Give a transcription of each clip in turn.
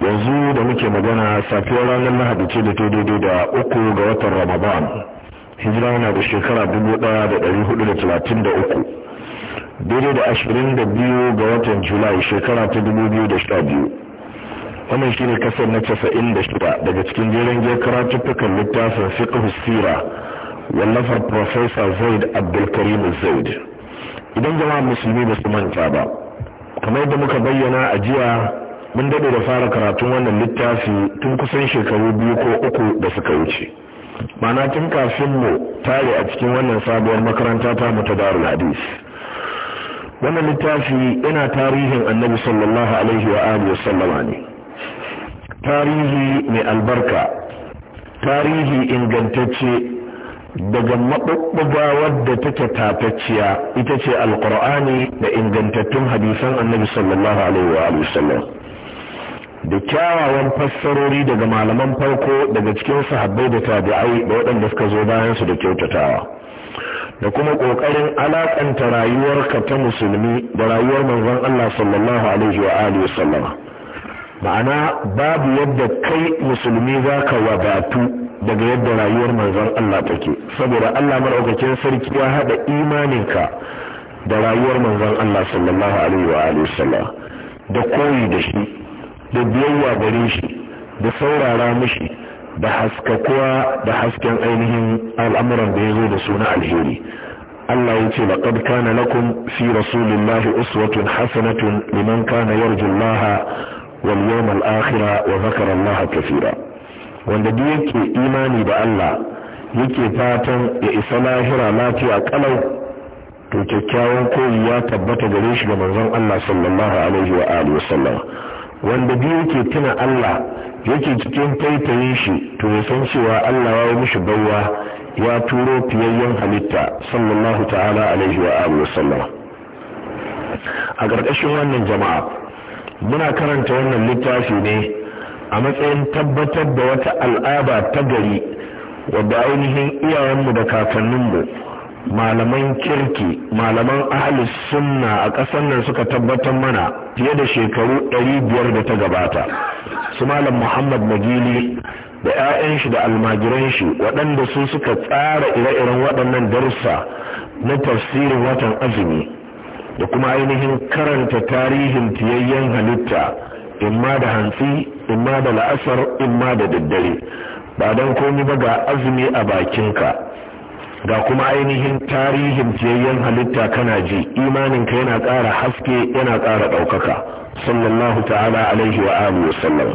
yanzu da muke magana safiyar ranar lahadi ce da ta daidai da uku ga watan ramadan hijira na da shekara dubu ɗaya da ɗari hudu da talatin da uku daidai da ashirin da biyu ga watan julai shekara ta dubu biyu da sha biyu wannan shine kasar na casa'in da shida daga cikin jerin jiyar karatuttukan littafin fiqh sira wallafar professor zaid abdulkarim zaid idan jama'a musulmi ba su manta ba kamar da muka bayyana a jiya mun daɗe da fara karatun wannan littafi tun kusan shekaru biyu ko uku da suka wuce mana tun kafin mu tare a cikin wannan sabuwar makaranta ta mu ta darul hadis wannan littafi yana tarihin annabi sallallahu alaihi wa alihi sallama ne tarihi mai albarka tarihi ingantacce daga maɓuɓɓuga wadda take tatacciya ita ce alƙur'ani da ingantattun hadisan annabi sallallahu alaihi wa sallam da kyawawan fassarori daga malaman farko daga cikin sahabbai da tabi'ai da waɗanda suka zo bayan su da kyautatawa da kuma ƙoƙarin alaƙanta rayuwarka ta musulmi da rayuwar manzon Allah sallallahu alaihi wa alihi sallama ma'ana babu yadda kai musulmi za ka wadatu daga yadda rayuwar manzon Allah take saboda Allah maɗaukakin sarki ya haɗa imaninka da rayuwar manzon Allah sallallahu alaihi wa alihi sallama da koyi da shi da biyayya gare shi da saurara mishi da haskakuwa da hasken ainihin al'amuran da ya zo da suna alheri Allah ya ce laqad kana lakum fi rasulillahi uswatun hasanatun liman kana yarju Allah wal yawmal akhir wa dhakara Allah kaseera wanda duk yake imani da Allah yake fatan ya isa lahira lafiya kalau to kyakkyawan koyi ya tabbata gare shi ga manzon Allah sallallahu alaihi wa alihi wa sallam wanda biyu yake tuna Allah yake cikin taitayin shi to ya san cewa Allah ya mishi bawwa ya turo fiyayyen halitta sallallahu ta'ala alaihi wa alihi wasallam a ƙarƙashin wannan jama'a muna karanta wannan littafi ne a matsayin tabbatar da wata al'ada ta gari wadda ainihin iyayenmu da kakanninmu malaman kirki malaman ahli sunna a ƙasar nan suka tabbatar mana fiye da shekaru 500 da ta gabata su malam muhammad magili da 'ya'yan shi da almajiran shi waɗanda su suka tsara ire-iren waɗannan darussa na tafsirin watan azumi da kuma ainihin karanta tarihin tiyayyen halitta imma da hantsi imma da la'asar imma da daddare ba don komi ba ga azumi a bakinka ga kuma ainihin tarihin jiyayyen halitta kana ji imaninka yana ƙara haske yana ƙara ɗaukaka sallallahu ta'ala alaihi wa alihi wa sallam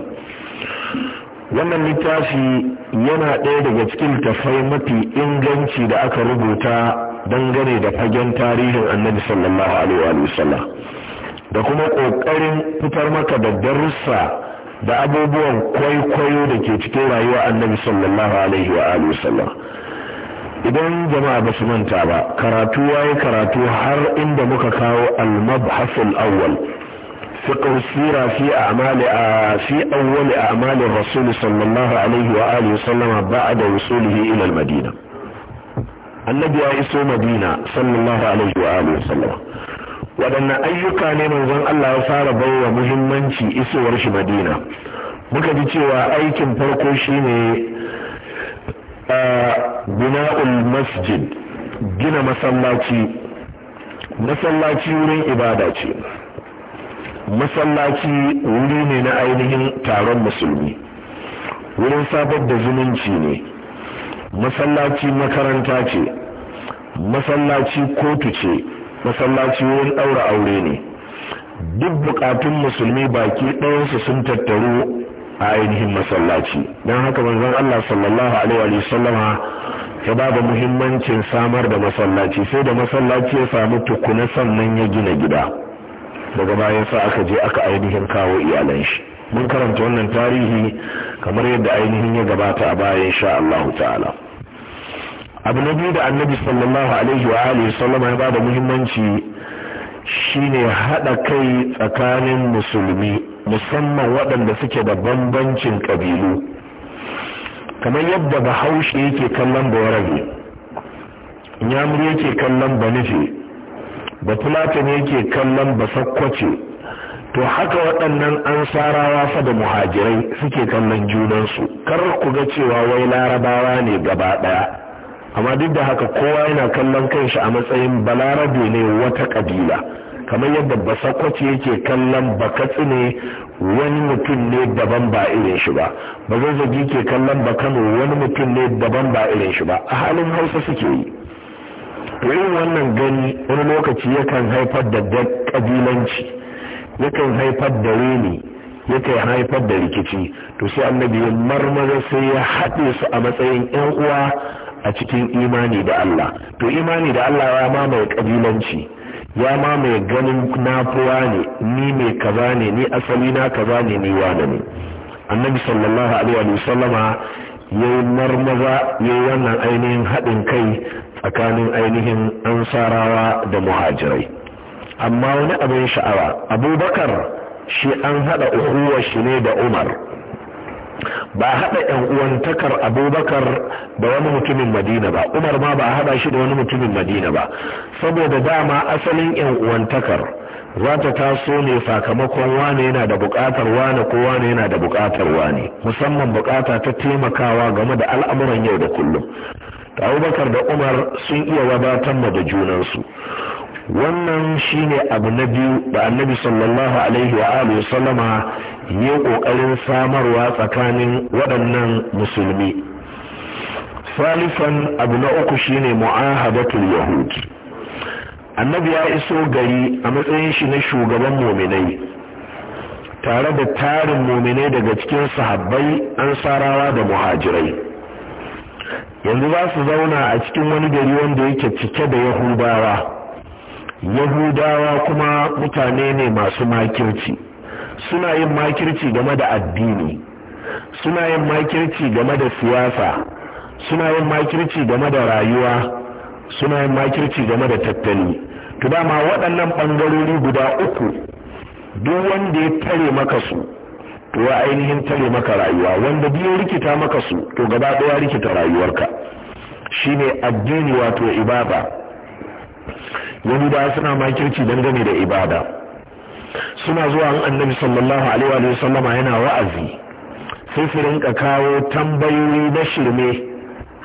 wannan littafi yana ɗaya daga cikin tafai mafi inganci da aka rubuta dangane da fagen tarihin annabi sallallahu alaihi wa sallam da kuma ƙoƙarin fitar maka da darussa da abubuwan kwaikwayo da ke cikin rayuwa annabi sallallahu alaihi wa sallam idan jama'a ba su manta ba karatu yayi karatu har inda muka kawo al-mabhas al-awwal fiqh sira fi a'mali fi awwal a'mali rasul sallallahu alaihi wa alihi wa sallama ba'da wusulihi ila al-madina annabi ya iso madina sallallahu alaihi wa alihi wa sallama waɗannan ayyuka ne manzon Allah ya fara baiwa muhimmanci isowar shi madina muka ji cewa aikin farko shine Ginaul masjid gina masallaci masallaci wurin ibada ce masallaci wuri ne na ainihin taron musulmi wurin sabar da zumunci ne masallaci makaranta ce masallaci kotu ce masallaci wurin ɗaura aure ne duk bukatun musulmi baki ɗayansu sun tattaru a ainihin masallaci don haka manzon Allah sallallahu alaihi wa sallama ya ba da muhimmancin samar da masallaci sai da masallaci ya samu tukuna sannan ya gina gida daga bayan sa aka je aka ainihin kawo iyalan shi mun karanta wannan tarihi kamar yadda ainihin ya gabata a baya insha Allah ta'ala abu na biyu da annabi sallallahu alaihi wa alihi sallama ya ba da muhimmanci shine hada kai tsakanin musulmi musamman waɗanda suke da bambancin ƙabilu kamar yadda bahaushe yake kallon warage nyamur yake kallon ba tulatin yake kallon basakkwace to haka waɗannan ansarawa fa da muhajirai suke kallon junansu kar ku ga cewa wai larabawa ne gaba ɗaya amma duk da haka kowa yana kallon kanshi a matsayin balarabe ne wata ƙabila kamar yadda basakwace yake kallon bakatsi ne wani mutum ne daban ba irin shi ba bazazzagi ke kallon bakano wani mutum ne daban ba irin shi ba a halin hausa suke yi irin wannan gani wani lokaci yakan haifar da kabilanci yakan haifar da reni yakan haifar da rikici to sai annabi ya marmara sai ya haɗe su a matsayin yan uwa a cikin imani da Allah to imani da Allah ya mamaye kabilanci ya ma mai ganin na ne ni mai kaza ne ni asali na kaza ne ni wane ne annabi sallallahu alaihi wa sallama yayi marmaza yayi wannan ainihin haɗin kai tsakanin ainihin ansarawa da muhajirai amma wani abin sha'awa abubakar shi an haɗa uhuwar shi ne da umar ba haɗa yan uwantakar abubakar da wani mutumin madina ba umar ma ba haɗa shi da wani mutumin madina ba saboda dama asalin yan uwantakar za ta taso ne sakamakon wane yana da buƙatar wane ko wane yana da buƙatar wane musamman buƙata ta taimakawa game da al'amuran yau da kullum abubakar da umar sun iya wadatar da junansu wannan shine abu na biyu da annabi sallallahu alaihi wa alihi sallama yi ƙoƙarin samarwa tsakanin waɗannan musulmi salifan abu na uku shine mu'ahadatul Yahudi. annabi ya iso gari a matsayin shi na shugaban mominai tare da tarin mominai daga cikin sahabbai ansarawa da muhajirai yanzu za su zauna a cikin wani gari wanda yake cike da yahudawa yahudawa kuma mutane ne masu makirci suna yin makirci game da addini suna yin makirci game da siyasa suna yin makirci game da rayuwa suna yin makirci game da tattali to dama waɗannan ɓangarori guda uku duk wanda ya tare maka su to ya ainihin tare maka rayuwa wanda biyu rikita maka su to gaba ɗaya rikita rayuwarka shine addini wato ibada yahudawa suna makirci dangane da ibada suna zuwa an annabi sallallahu alaihi wa sallama yana wa'azi sai su rinka kawo tambayoyi na shirme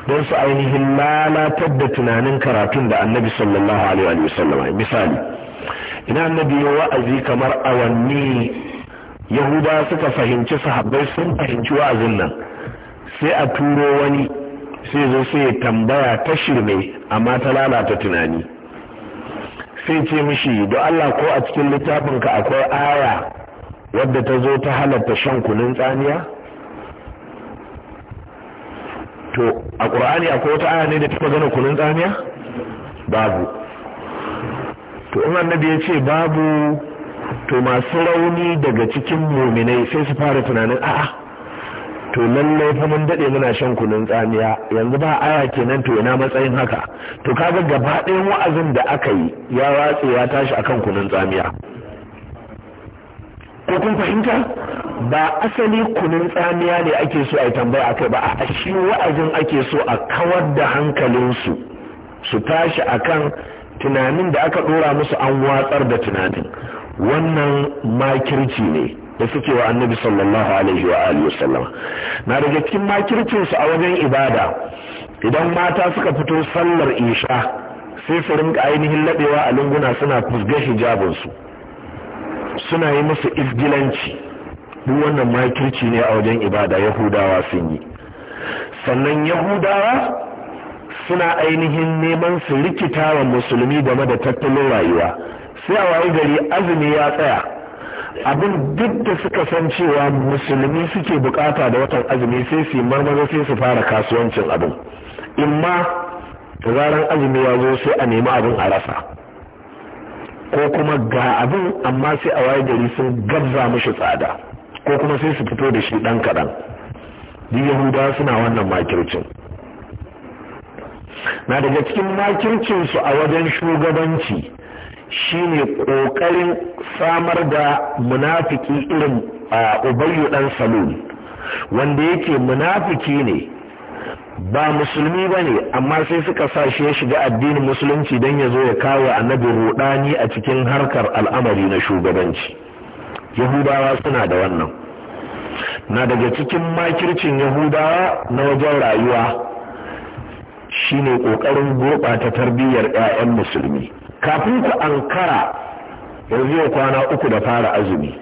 don su ainihin lalatar da tunanin karatun da annabi sallallahu alaihi wa sallama misali ina annabi ya wa'azi kamar awanni yahuda suka fahimci sahabbai sun fahimci wa'azin nan sai a turo wani sai zo sai tambaya ta shirme amma ta lalata tunani sai ce mishi da Allah ko a cikin littafinka akwai aya wadda ta zo ta halatta shan kunun tsaniya to a ƙur'ani akwai wata aya ne da ta magana kunun tsaniya babu to in annabi ya ce babu to masu rauni daga cikin muminai sai su fara tunanin a'a to lallai fa mun dade muna shan kunun tsamiya yanzu ba aya kenan to ina matsayin haka to kaga gaba ɗayan wa'azin da aka yi ya watse ya tashi akan kunun tsamiya ko kun fahimta ba asali kunun tsamiya ne ake so a yi tambaya akai ba a shi wa'azin ake so a kawar da hankalinsu su tashi akan tunanin da aka dora musu an watsar da tunanin wannan makirci ne da suke wa annabi sallallahu alaihi wa alihi na daga cikin makircin su a wajen ibada idan mata suka fito sallar isha sai su rinka ainihin labewa a lunguna suna fusga hijabin su suna yi musu izgilanci duk wannan makirci ne a wajen ibada yahudawa sun yi sannan yahudawa suna ainihin neman su rikita wa musulmi game da tattalin rayuwa sai a waye gari azumi ya tsaya abin duk da suka san cewa musulmi suke bukata da watan azumi sai su marmaza sai su fara kasuwancin abin imma zaran azumi ya zo sai a nemi abin a rasa ko kuma ga abin amma sai a waye gari sun gabza mishi tsada ko kuma sai su fito da shi dan kaɗan duk yahuda suna wannan makircin na daga cikin makircinsu a wajen shugabanci shine ƙoƙarin samar da munafiki irin a ubayu ɗan salul wanda yake munafiki ne ba musulmi ba ne amma sai suka sa shi ya shiga addinin musulunci don ya zo ya kawo annabi rudani a cikin harkar al'amari na shugabanci yahudawa suna da wannan na daga cikin makircin yahudawa na wajen rayuwa shine ƙoƙarin gurɓata tarbiyyar 'ya'yan musulmi kafin ku ankara yanzu yau kwana uku da fara azumi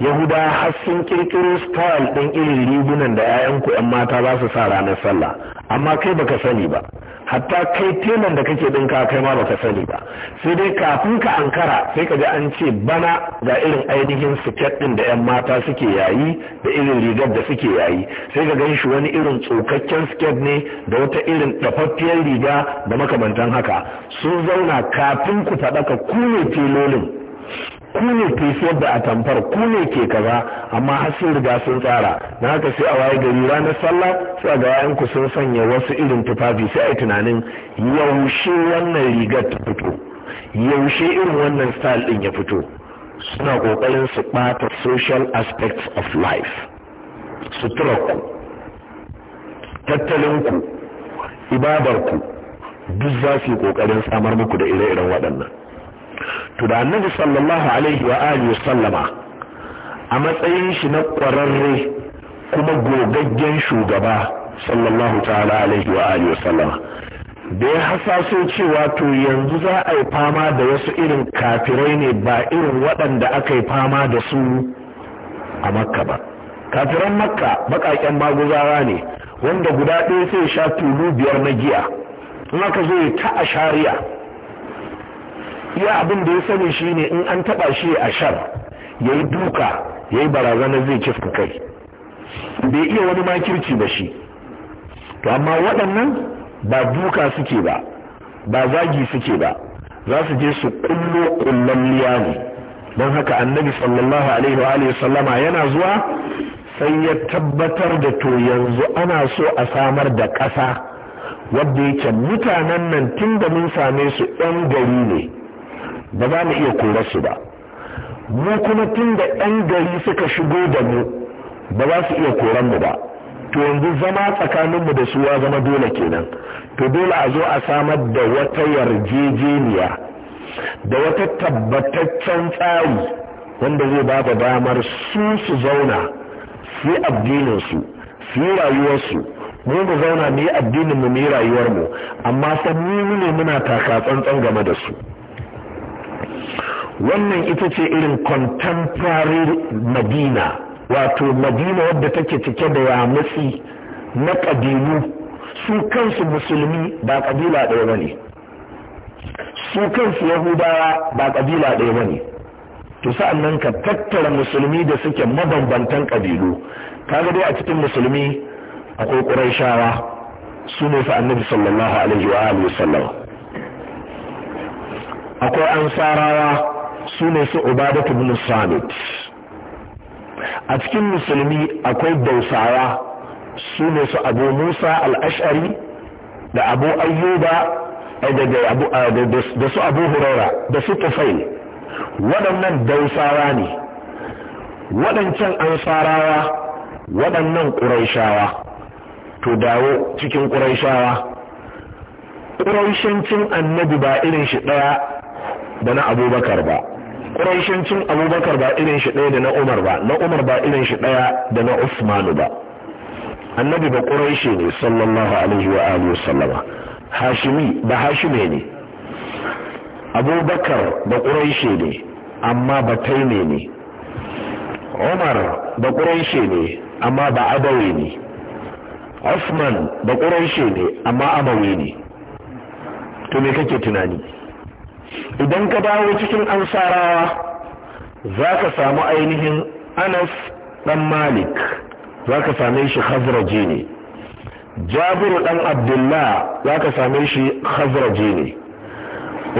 yahuda har sun kirkiro style ɗin irin rigunan da 'ya'yanku 'yan mata za su sa ranar sallah amma kai baka sani ba hatta kai telan da kake ɗinka kai ma baka sani ba sai dai kafin ka ankara sai ka ji an ce bana ga irin ainihin siket ɗin da 'yan mata suke yayi da irin rigar da suke yayi sai ka ganshi wani irin tsokakken siket ne da wata irin ɗafaffiyar riga da makamantan haka sun zauna kafin ku faɗaka ku ne telolin ku ne ke siyar da atamfar ku ne ke kaza amma har sun riga sun tsara na haka sai a waye gari ranar sallah sai ga yayan ku sun sanya wasu irin tufafi sai a yi tunanin yaushe wannan rigar ta fito yaushe irin wannan style din ya fito suna kokarin su bata social aspects of life sutura ku tattalin ku ibadarku duk za su yi kokarin samar muku da ire-iren waɗannan to da annabi sallallahu alaihi wa alihi sallama a matsayin shi na ƙwararre kuma gogaggen shugaba sallallahu ta'ala alaihi wa alihi sallama da ya hasaso cewa to yanzu za a yi fama da wasu irin kafirai ne ba irin waɗanda aka yi fama da su a makka ba kafiran makka baƙaƙen maguzawa ne wanda guda ɗaya sai sha tulu biyar na giya in aka zo ta a shari'a iya abin da ya sani shi ne in an taba shi a shar ya yi duka ya yi barazanar zai kifka kai bai iya wani makirci ba shi to amma waɗannan ba duka suke ba ba zagi suke ba za su je su kullo kullon liyani don haka annabi sallallahu alaihi wa alihi sallama yana zuwa sai ya tabbatar da to yanzu ana so a samar da ƙasa wadda yake mutanen nan tun da mun same su 'yan gari ne ba za mu iya korar su ba mu kuma tun da ɗan gari suka shigo da mu ba za su iya koran mu ba to yanzu zama tsakaninmu da suwa zama dole kenan to dole a zo a samar da wata yarjejeniya da wata tabbataccen tsari wanda zai ba da damar su su zauna su yi addininsu su yi rayuwarsu mu mu zauna mu yi addininmu mu yi rayuwarmu amma mu ne muna taka tsantsan game da su wannan ita ce irin contemporary madina wato madina wadda take cike da yamutsi na ƙabilu su kansu musulmi ba ƙabila ɗaya ba ne su kansu yahudawa ba ƙabila ɗaya ba ne to sa'an nan ka tattara musulmi da suke mabambantan ƙabilu kaga dai a cikin musulmi akwai ƙuraishawa su ne fa sallallahu alaihi wa sallam. akwai ansarawa su ne su ubadatu bin samit a cikin musulmi akwai dausawa su ne su abu musa al'ashari da abu ayyuba da su abu huraira da su tufail waɗannan dausawa ne waɗancan ansarawa waɗannan ƙuraishawa to dawo cikin ƙuraishawa ƙuraishancin annabi ba irin shi ɗaya da na abubakar ba cin abubakar ba irin shi ɗaya da na umar ba na umar ba irin shi ɗaya da na usmanu ba annabi ba ƙuraishe ne sallallahu alaihi wa alihi wa sallama hashimi ba hashime ne abubakar ba ƙuraishe ne amma ba taime ne umar ba ƙuraishe ne amma ba adawe ne usman ba ƙuraishe ne amma amawi ne to me kake tunani idan ka dawo cikin ansarawa za ka samu ainihin anas ɗan malik za ka same shi hazraji ne jabiru ɗan abdullah za ka same shi hazraji ne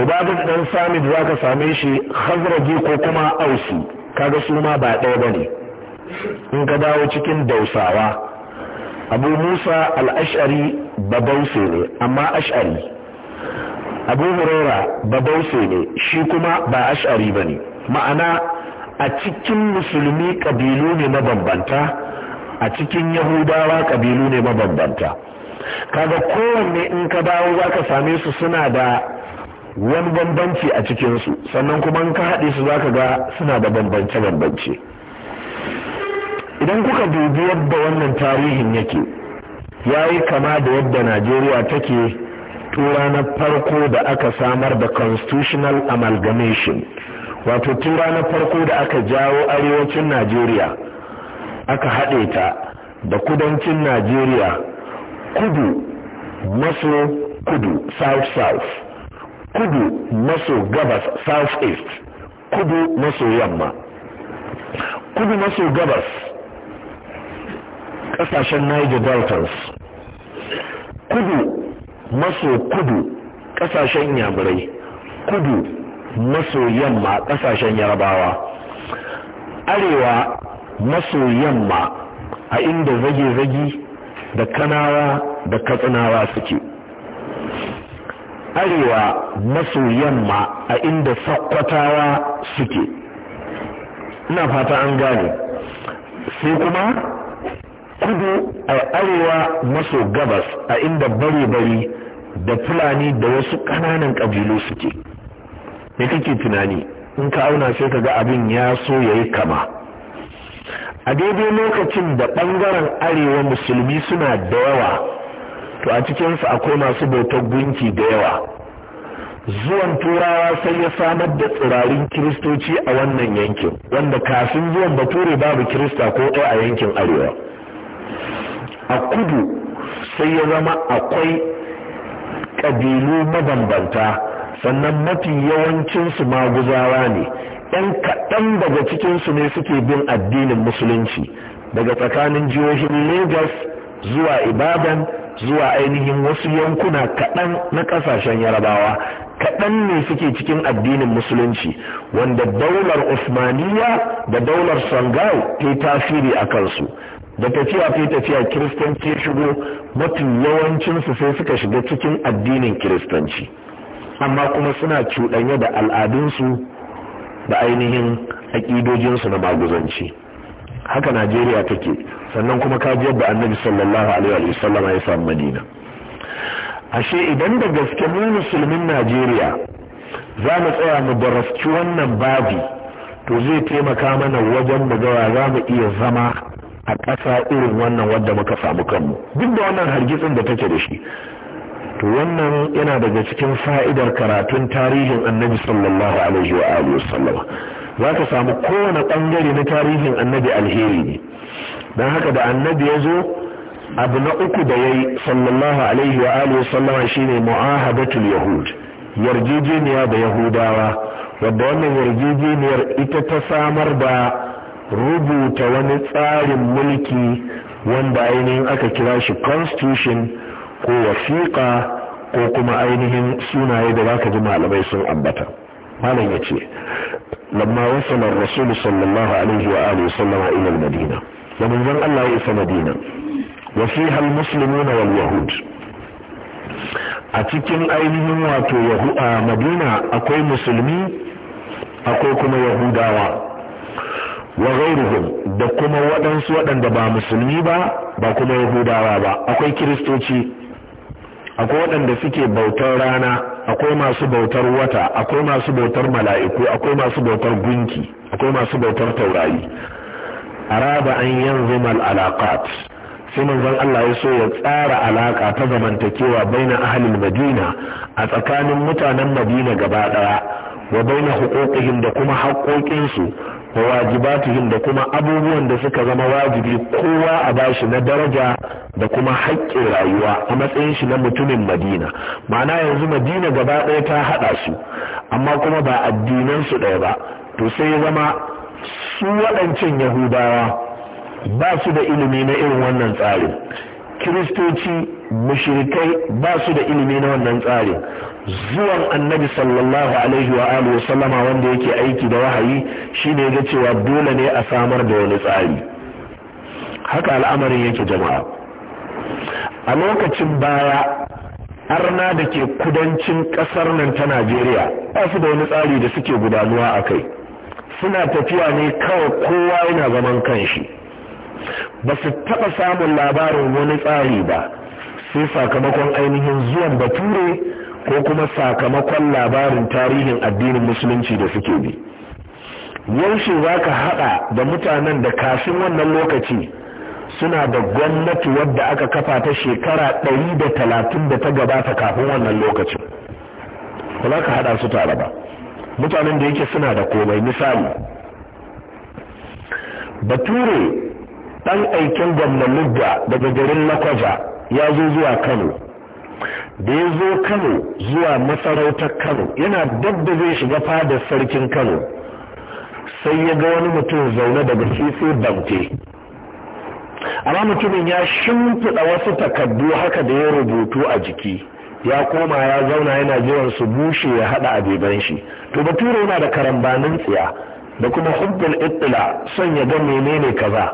ubadat ɗan samid za ka same shi hazraji ko kuma ausi kaga su ma ba ɗaya ba ne in ka dawo cikin dausawa abu musa al'ashari babause ne amma ash'ari abu huraira babaushe ne shi kuma ba ash'ari ba ne ma'ana a cikin musulmi ƙabilu ne mabambanta a cikin yahudawa kabilu ne mabambanta kaga kowanne in ka dawo za ka same su suna da wani bambanci a cikinsu sannan kuma in ka haɗe su za ka ga suna da bambance-bambance idan kuka dubi yadda wannan tarihin yake ya yi kama da yadda najeriya take tura na farko da aka samar da constitutional amalgamation wato tura na farko da aka jawo arewacin najeriya aka haɗe ta da kudancin najeriya kudu maso kudu south south kudu maso gabas south east kudu maso yamma kudu maso gabas ƙasashen niger deltas kudu maso kudu kasashen yamurai kudu maso yamma kasashen yarabawa arewa maso yamma a inda zage-zage da kanawa da katsinawa suke arewa maso yamma a inda sakwatawa suke ina fata an gane sai kuma kudu a arewa maso gabas a inda bare-bare da fulani da wasu ƙananan ƙabilu suke me kake tunani in ka auna sai ka ga abin ya so ya yi kama a daidai lokacin da ɓangaren arewa musulmi suna da yawa to a cikinsu akwai masu bautar gunki da yawa zuwan turawa sai ya samar da tsirarin kiristoci a wannan yankin wanda kafin zuwan bature babu kirista ko ɗaya a yankin arewa a kudu sai ya zama akwai ƙabilu mabambanta sannan mafi yawancinsu maguzawa ne ‘yan kaɗan daga cikinsu ne suke bin addinin musulunci daga tsakanin jihohin lagos zuwa ibadan zuwa ainihin wasu yankuna kaɗan na ƙasashen yarabawa kaɗan ne suke cikin addinin musulunci wanda daular usmaniya da daular sangau ta tasiri a kansu da tafiya ta tafiya kiristanci ya shigo mafi yawancinsu sai suka shiga cikin addinin kiristanci amma kuma suna cuɗanya da al'adunsu da ainihin aƙidojinsu na maguzanci haka najeriya take sannan kuma kaji yadda annabi sallallahu alaihi wa sallama ya samu madina ashe idan da gaske mu musulmin najeriya za mu tsaya mu barasci wannan babi to zai taimaka mana wajen mu gawa za mu iya zama a ƙasa irin wannan wadda muka samu kanmu duk da wannan hargitsin da take da shi to wannan yana daga cikin fa'idar karatun tarihin annabi sallallahu alaihi wa alihi za ka samu kowane ɓangare na tarihin annabi alheri ne don haka da annabi ya zo abu na uku da ya yi sallallahu alaihi wa alihi shine mu'ahadatul yahud yarjejeniya da yahudawa wadda wannan yarjejeniyar ita ta samar da rubuta wani tsarin mulki wanda ainihin aka kira shi constitution ko wasiƙa ko kuma ainihin sunaye da zaka ji malamai sun ambata malam ya ce lamma wasalar rasulu sallallahu alaihi wa alihi sallama ila madina da manzon Allah ya isa madina wa fiha almuslimuna wal yahud a cikin ainihin wato yahuda madina akwai musulmi akwai kuma yahudawa wa ghairuhum da kuma waɗansu waɗanda ba musulmi ba ba kuma yahudawa ba akwai kiristoci akwai waɗanda suke bautar rana akwai masu bautar wata akwai masu bautar mala'iku akwai masu bautar gunki akwai masu bautar taurari Araba an yanzu mal alaqat sai manzon Allah ya so ya tsara alaka ta zamantakewa baina ahalin madina a tsakanin mutanen madina gaba daya wa baina huquqihim da kuma haƙoƙinsu wa da kuma abubuwan da suka zama wajibi kowa a bashi na daraja da kuma haƙƙin rayuwa a matsayin shi na mutumin madina ma'ana yanzu madina gaba ɗaya ta haɗa su amma kuma ba addinan su ɗaya ba to sai ya zama su waɗancan yahudawa ba su da ilimi na irin wannan tsarin kiristoci mushrikai ba su da ilimi na wannan tsarin zuwan annabi sallallahu alaihi wa alihi sallama wanda yake aiki da wahayi shine ga cewa dole ne a samar da wani tsari haka al'amarin yake jama'a a lokacin baya arna da ke kudancin kasar nan ta najeriya ba su da wani tsari da suke gudanuwa a kai suna tafiya ne kawai kowa yana zaman kanshi ba su taɓa samun labarin wani tsari ba sai sakamakon ainihin zuwan bature ko kuma sakamakon labarin tarihin addinin musulunci da suke bi yaushe za ka haɗa da mutanen da kafin wannan lokaci suna da gwamnati wadda aka kafa ta shekara ɗari da talatin da ta gabata kafin wannan lokacin ba za ka haɗa su tare ba mutanen da yake suna da komai misali bature ɗan aikin gwamnan lugga daga garin lakwaja ya zo zuwa kano da ya zo kano zuwa masarautar kano yana dab da zai shiga fadar sarkin kano sai ya ga wani mutum zaune daga sai bamte amma mutumin ya shimfiɗa wasu takardu haka da ya rubutu a jiki ya koma ya zauna yana jiran su bushe ya haɗa abeban shi to bature yana da karambanin tsiya da kuma hubbul ittila son ya ga menene kaza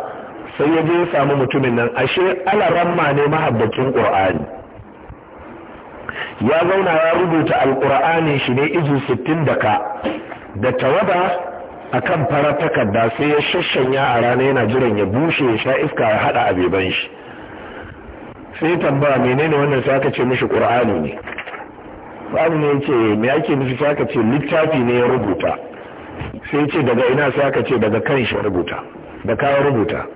sai ya je ya samu mutumin nan ashe alaramma ne mahabbacin qur'ani ya zauna ya rubuta alƙur'anin shi ne izu sittin da ka da tawada a kan farar takarda sai ya shashanya a rana yana jiran ya bushe ya sha iska ya haɗa a beban shi sai tambawa menene wannan sai aka ce mishi ƙur'ani ne babu ne ce me ake mishi sai aka ce littafi ne ya rubuta sai ce daga ina sai aka ce daga kan shi rubuta da kawo rubuta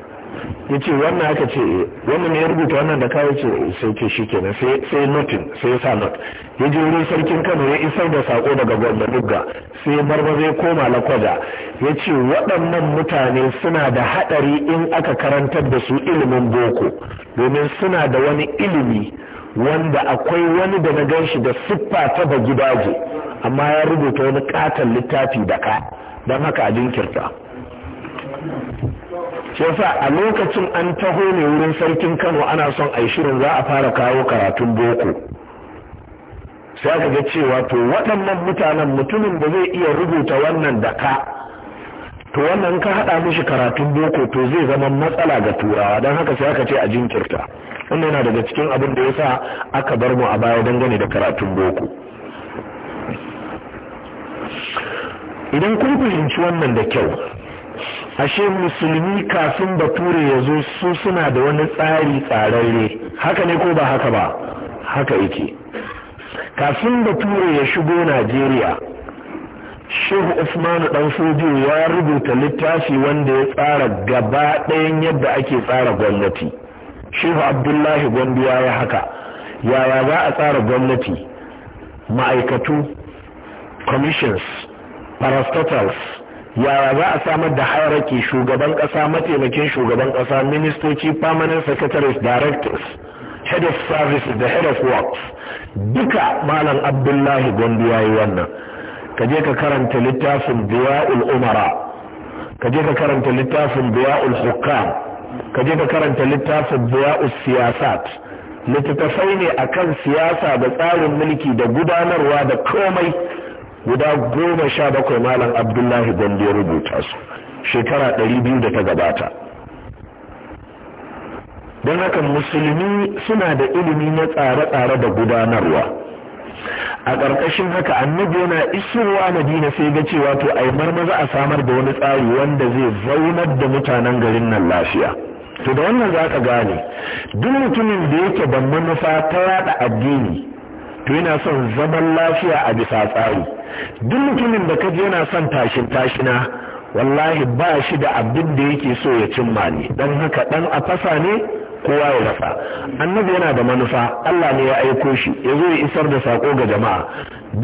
ya ce wannan aka ce wannan ya rubuta wannan da kawai ce sai ke shi kenan sai notin sai ya sa not ya ji wurin sarkin kano ya isar da sako daga gwamnati dugga sai barba zai koma lakwada ya ce waɗannan mutane suna da haɗari in aka karantar da su ilimin boko domin suna da wani ilimi wanda akwai wani da na gan shi da siffa ta ba gidaje amma ya rubuta wani katon littafi da ka don haka a jinkirta shi yasa a lokacin an taho ne wurin sarkin Kano ana son a shirin za a fara kawo karatun boko sai aka ga cewa to waɗannan mutanen mutumin da zai iya rubuta wannan da ka to wannan ka haɗa mishi karatun boko to zai zama matsala ga turawa don haka sai aka ce a jinkirta wannan yana daga cikin abin da ya sa aka bar mu a baya dangane da karatun boko idan kun fahimci wannan da kyau ashe musulmi kafin bature ya zo su suna da wani tsari tsararre haka ne ko ba haka ba haka yake kafin bature ya shigo najeriya shehu usmanu dan sojo ya rubuta littafi wanda ya tsara gaba ɗayan yadda ake tsara gwamnati shehu abdullahi gwandu ya haka yaya za a tsara gwamnati ma'aikatu commissions parastatals yara za a samar da hayaraki shugaban kasa mataimakin shugaban kasa ministoci permanent secretaries directors head of services da head of works duka malam abdullahi gwandu ya yi wannan ka je ka karanta littafin biya'ul umara ka je ka karanta littafin biya'ul hukam ka je ka karanta littafin biya'ul siyasat littattafai ne akan siyasa da tsarin mulki da gudanarwa da komai guda goma sha bakwai malam abdullahi gombe ya rubuta su shekara ɗari biyu da ta gabata don haka musulmi suna da ilimi na tsare-tsare da gudanarwa a ƙarƙashin haka annabi yana isowa madina sai ga cewa to ai marmaza a samar da wani tsari wanda zai zaunar da mutanen garin nan lafiya to da wannan za ka gane duk mutumin da yake ban manufa ta yada addini to yana son zaman lafiya a bisa tsari duk mutumin da kaji yana son tashin tashina wallahi ba shi da abin da yake so ya cimma ne don haka dan a fasa ne kowa ya rasa annabi yana da manufa Allah ne ya aiko shi ya zo ya isar da sako ga jama'a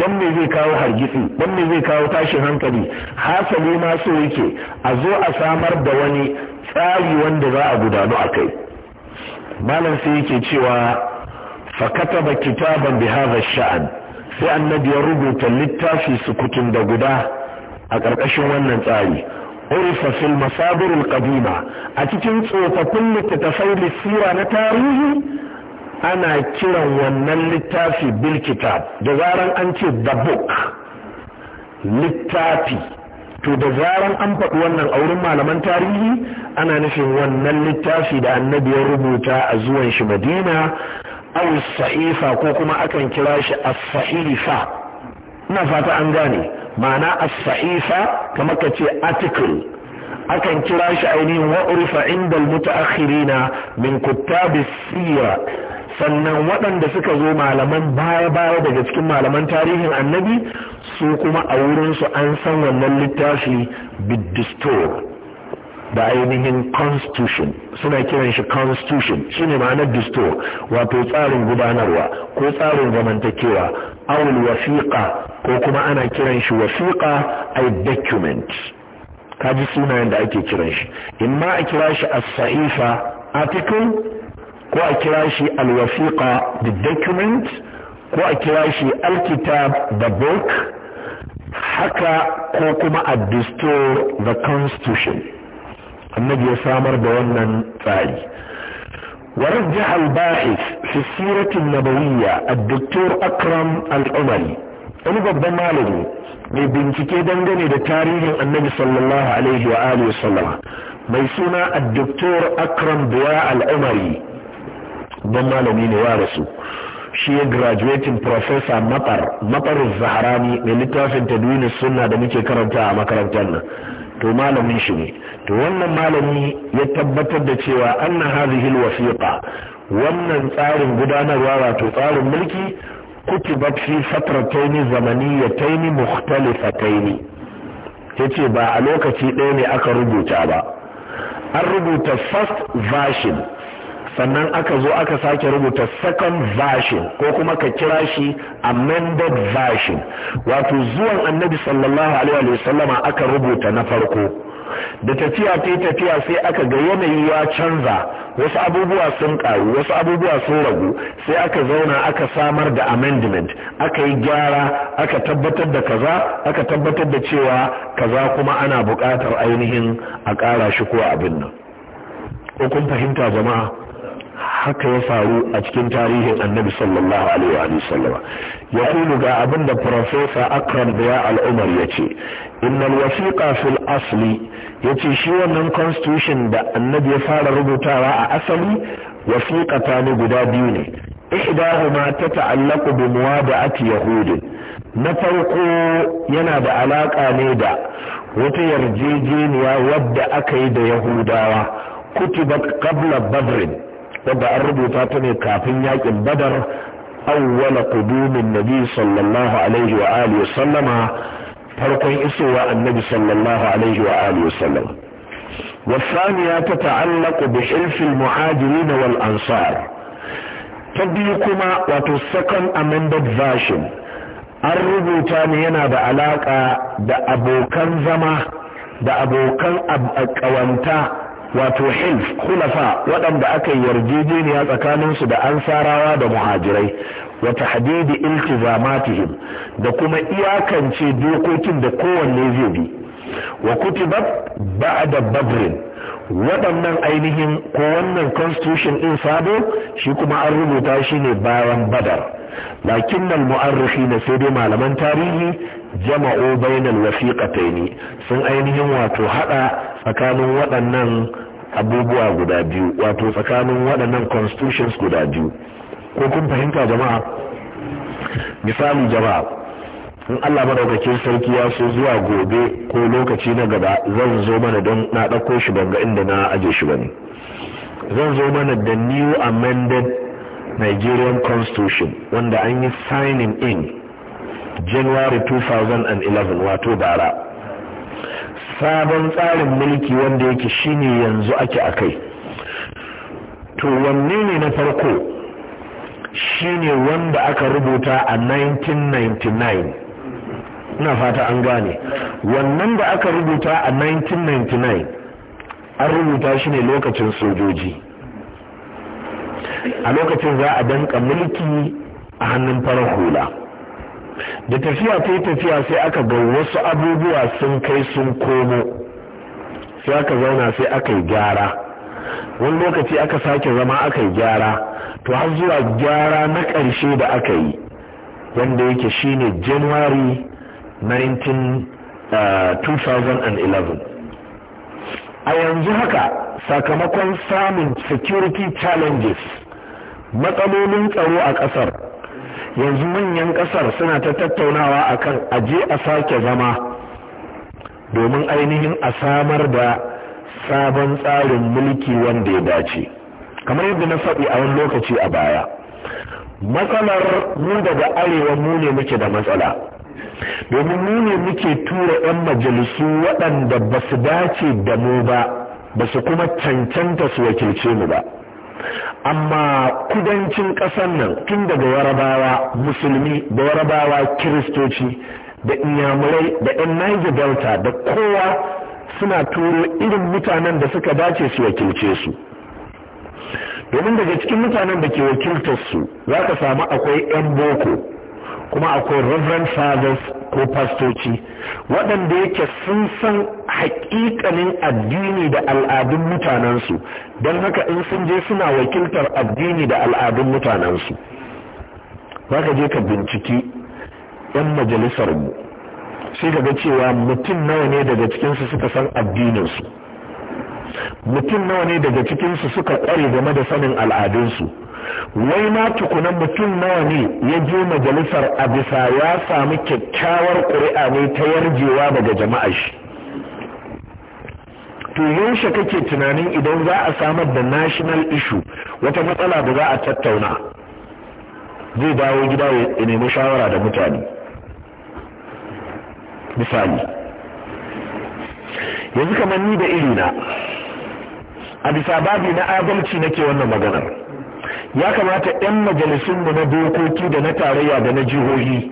don me zai kawo hargitsi don me zai kawo tashin hankali hasali ma so yake a zo a samar da wani tsari wanda za a gudanu a kai malam sai yake cewa fakataba kitaban bi sha'an sai annabi ya rubuta littafi sukutun da guda a ƙarƙashin wannan tsari urifa fil masabir al a cikin tsofaffin littattafai lissira na tarihi ana kiran wannan littafi bil da zaran an ce the littafi to da zaran an faɗi wannan a wurin malaman tarihi ana nufin wannan littafi da annabi ya rubuta a zuwan shi madina al sa'ifa ko kuma akan kira shi as-sa'ifa ina fata an gane ma'ana as-sa'ifa kamar ka ce article akan kira shi ainihin wa'urifa inda al-mutaakhirina min Kuttabi sira sannan waɗanda suka zo malaman baya-baya daga cikin malaman tarihin annabi su kuma a wurinsu an san wannan littafi biddistor da ainihin constitution suna kiran shi constitution shine ma'anar disto wato tsarin gudanarwa ko tsarin zamantakewa awul wasiƙa ko kuma ana kiran shi wasiƙa a document ji sunayen da ake kiran shi in ma a kira shi as-sa'ifa article ko a kira shi al wasiƙa the document ko a kira shi al-kitab the book haka ko kuma a disto the constitution annabi ya samar da wannan tsari ورجح الباحث في السيرة النبوية الدكتور أكرم العمري wani babban malami mai bincike dangane da tarihin annabi sallallahu alaihi wa alihi sallama mai suna addoktor akram buwa al'umari babban malami ne ya rasu shi ya graduating professor matsar matsar zaharani mai littafin tadwini sunna da muke karanta a makarantar nan to malamin shi ne to wannan malami ya tabbatar da cewa anna hadhihi alwasiqa wannan tsarin gudanarwa wato tsarin mulki kutibat fi fatratayn zamaniyatayn mukhtalifatayn yace ba a lokaci ɗaya ne aka rubuta ba an rubuta first version sannan aka zo aka sake rubuta second version ko kuma ka kira shi amended version wato zuwan annabi sallallahu alaihi wa sallama aka rubuta na farko da tafiya ta tafiya sai aka ga yanayi ya canza wasu abubuwa sun karu wasu abubuwa sun ragu sai aka zauna aka samar da amendment aka yi gyara aka tabbatar da kaza aka tabbatar da cewa kaza kuma ana buƙatar ainihin a ƙara shi ko abin nan ko kun fahimta jama'a haka ya faru a cikin tarihin annabi sallallahu alaihi wa sallama ya kulu ga abin da profesa akram biya al'umar ya ce innal wasiqa fil asli ya ce shi wannan constitution da annabi ya fara rubutawa a asali wasiƙata ta ne guda biyu ne ihdahuma ta ta'allaku bi muwada'ati yahudin na farko yana da alaƙa ne da wata yarjejeniya wadda aka yi da yahudawa kutibat qabla badrin wadda an rubuta ta ne kafin yakin badar awwala qudumin nabi sallallahu alaihi wa alihi wa sallama farkon isowa annabi sallallahu alaihi wa alihi wa sallama والثانية تتعلق بحلف المهاجرين والأنصار تبيكما وتسكن amended version an rubuta ne yana da alaƙa da abokan zama da abokan ƙawanta wato hilf khulafa waɗanda aka yarjejeniya tsakaninsu da ansarawa da muhajirai wa tahdidi iltizamatihim da kuma iyakance dokokin da kowanne zai bi wa kutibat ba'da babrin waɗannan ainihin ko wannan constitution ɗin sabo shi kuma an rubuta shi ne bayan badar lakin nan mu'arrifi na sai dai malaman tarihi jama'o bainal wasiqataini sun ainihin wato hada tsakanin waɗannan abubuwa guda biyu wato tsakanin waɗannan constitutions guda biyu ko kun fahimta jama'a misali jama'a in Allah madaukakin sarki ya so zuwa gobe ko lokaci na gaba zan zo mana don na ɗauko shi banga inda na aje shi bane zan zo mana da new amended Nigerian constitution wanda an yi signing in January 2011 wato bara sabon tsarin mulki wanda yake shine yanzu ake akai to wanne ne na farko shine wanda aka rubuta a 1999 ina fata an gane wannan da aka rubuta a 1999 an rubuta shi ne lokacin sojoji a lokacin za a danka mulki a hannun farar hula da tafiya ta yi tafiya sai aka ga wasu abubuwa sun kai sun komo sai aka zauna sai aka yi gyara wani lokaci aka sake zama aka yi gyara to har zuwa gyara na ƙarshe da aka yi wanda yake shine january 19 2011 eh, a yanzu haka sakamakon samun security challenges matsalolin tsaro a ƙasar yanzu manyan kasar suna ta tattaunawa akan aje a sake zama domin ainihin a samar da sabon tsarin mulki wanda ya dace kamar yadda na faɗi a wani lokaci a baya matsalar mu daga arewa mu ne muke da matsala domin mu ne muke tura 'yan majalisu waɗanda ba su dace da mu ba ba su kuma cancanta su wakilce mu ba amma kudancin ƙasar nan tun daga warabawa musulmi da warabawa kiristoci da inyamurai da yan niger delta da kowa suna turo irin mutanen da suka dace su wakilce su domin daga cikin mutanen da ke wakiltar su za ka samu akwai yan boko kuma akwai reverend fathers ko fastoci waɗanda yake sun san haƙiƙanin addini da al'adun mutanensu don haka in sun je suna wakiltar addini da al'adun mutanensu Ba ka je ka binciki 'yan majalisarmu sai ka ga cewa mutum nawa ne daga cikinsu suka san addininsu mutum nawa ne daga cikinsu suka ƙware game da sanin al'adunsu wai ma tukuna mutum nawa ne ya je majalisar a bisa ya sami kyakkyawar ƙuri'a ne ta yarjewa daga jama'a shi to yaushe kake tunanin idan za a samar da national issue wata matsala da za a tattauna zai dawo gida ya nemi shawara da mutane misali yanzu kamar ni da irina a bisa babi na adalci nake wannan maganar ya kamata 'yan mu na dokoki da na tarayya da na jihohi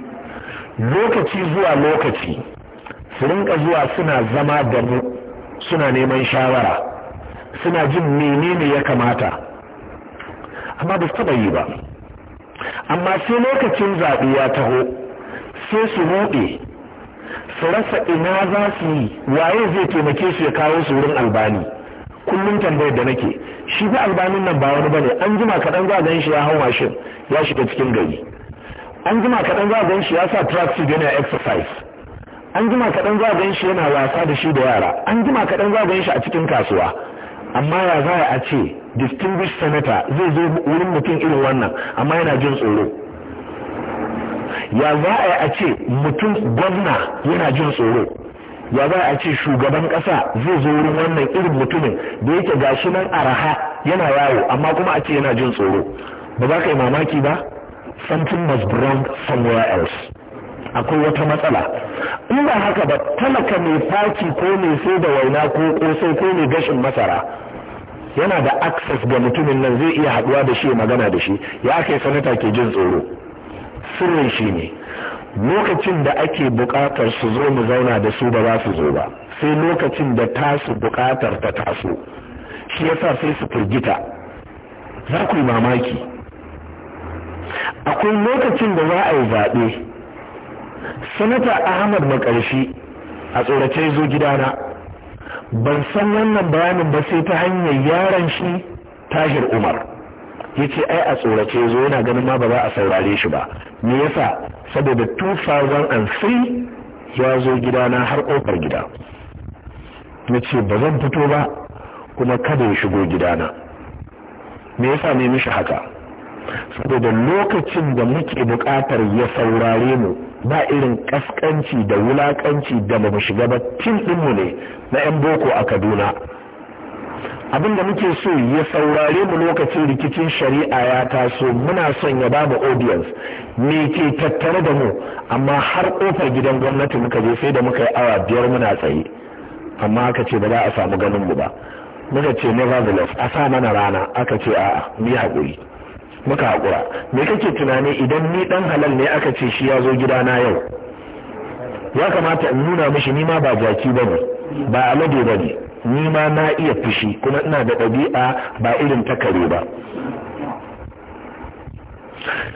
lokaci zuwa lokaci su rinka zuwa suna zama da mu suna neman shawara suna jin menene ya kamata amma ba su taɓa yi ba amma sai lokacin zaɓe ya taho sai su ruɗe su rasa ina za su yi waye zai taimake su ya kawo su wurin albani kullum tambayar da nake shi fi albanin nan ba wani bane an jima kaɗan za a gan shi ya hau mashin ya shiga cikin gari an jima kaɗan za a gan shi ya sa yana exercise an jima kaɗan za a gan shi yana wasa da shi da yara an jima kaɗan za a gan shi a cikin kasuwa amma ya za a ce distinguished senator zai zo wurin mutum irin wannan amma yana jin tsoro ya za a ce mutum gwamna yana jin tsoro ya za a ce shugaban ƙasa zai zo wurin wannan irin mutumin da yake gashi nan araha yana yawo amma kuma a ce yana jin tsoro ba za ka yi mamaki ba something must be somewhere else akwai wata matsala in ba haka ba talaka mai faki ko mai sai da waina ko kosai ko mai gashin masara yana da access ga mutumin nan zai iya haduwa da shi magana da shi ya aka sanata ke jin tsoro sirrin shi ne lokacin da ake buƙatar su zo mu zauna da su ba za su zo ba sai lokacin da tasu buƙatar ta taso shi yasa sai su firgita za ku yi mamaki akwai lokacin da za a yi zaɓe sanata ahmad makarshi a tsorace zo gidana ban san wannan bayanin ba sai ta hanyar yaron shi tahir umar ya ce ai a tsorace zo yana ganin ma ba za a saurare shi ba me yasa saboda 2003 ya zo gidana har ƙofar gida na ce ba zan fito ba kuma kada ya shigo gidana me yasa ne mishi haka saboda lokacin da muke buƙatar ya saurare mu ba irin ƙasƙanci da wulaƙanci da ba mu shiga ba tim ɗinmu ne na 'yan boko a kaduna abin da muke so ya saurare mu lokacin rikicin shari'a ya taso muna son ya ba mu audience me ke tattare da mu amma har kofar gidan gwamnati muka je sai da muka yi awa biyar muna tsaye amma aka ce ba za a samu ganin mu ba muka ce nevertheless a sa mana rana aka ce a mu haƙuri muka haƙura me kake tunani idan ni dan halal ne aka ce shi ya zo gidana yau ya kamata in nuna mishi ni ma ba jaki bane ba alade bane ni ma na iya fushi kuma ina da ɗabi'a ba irin ta kare ba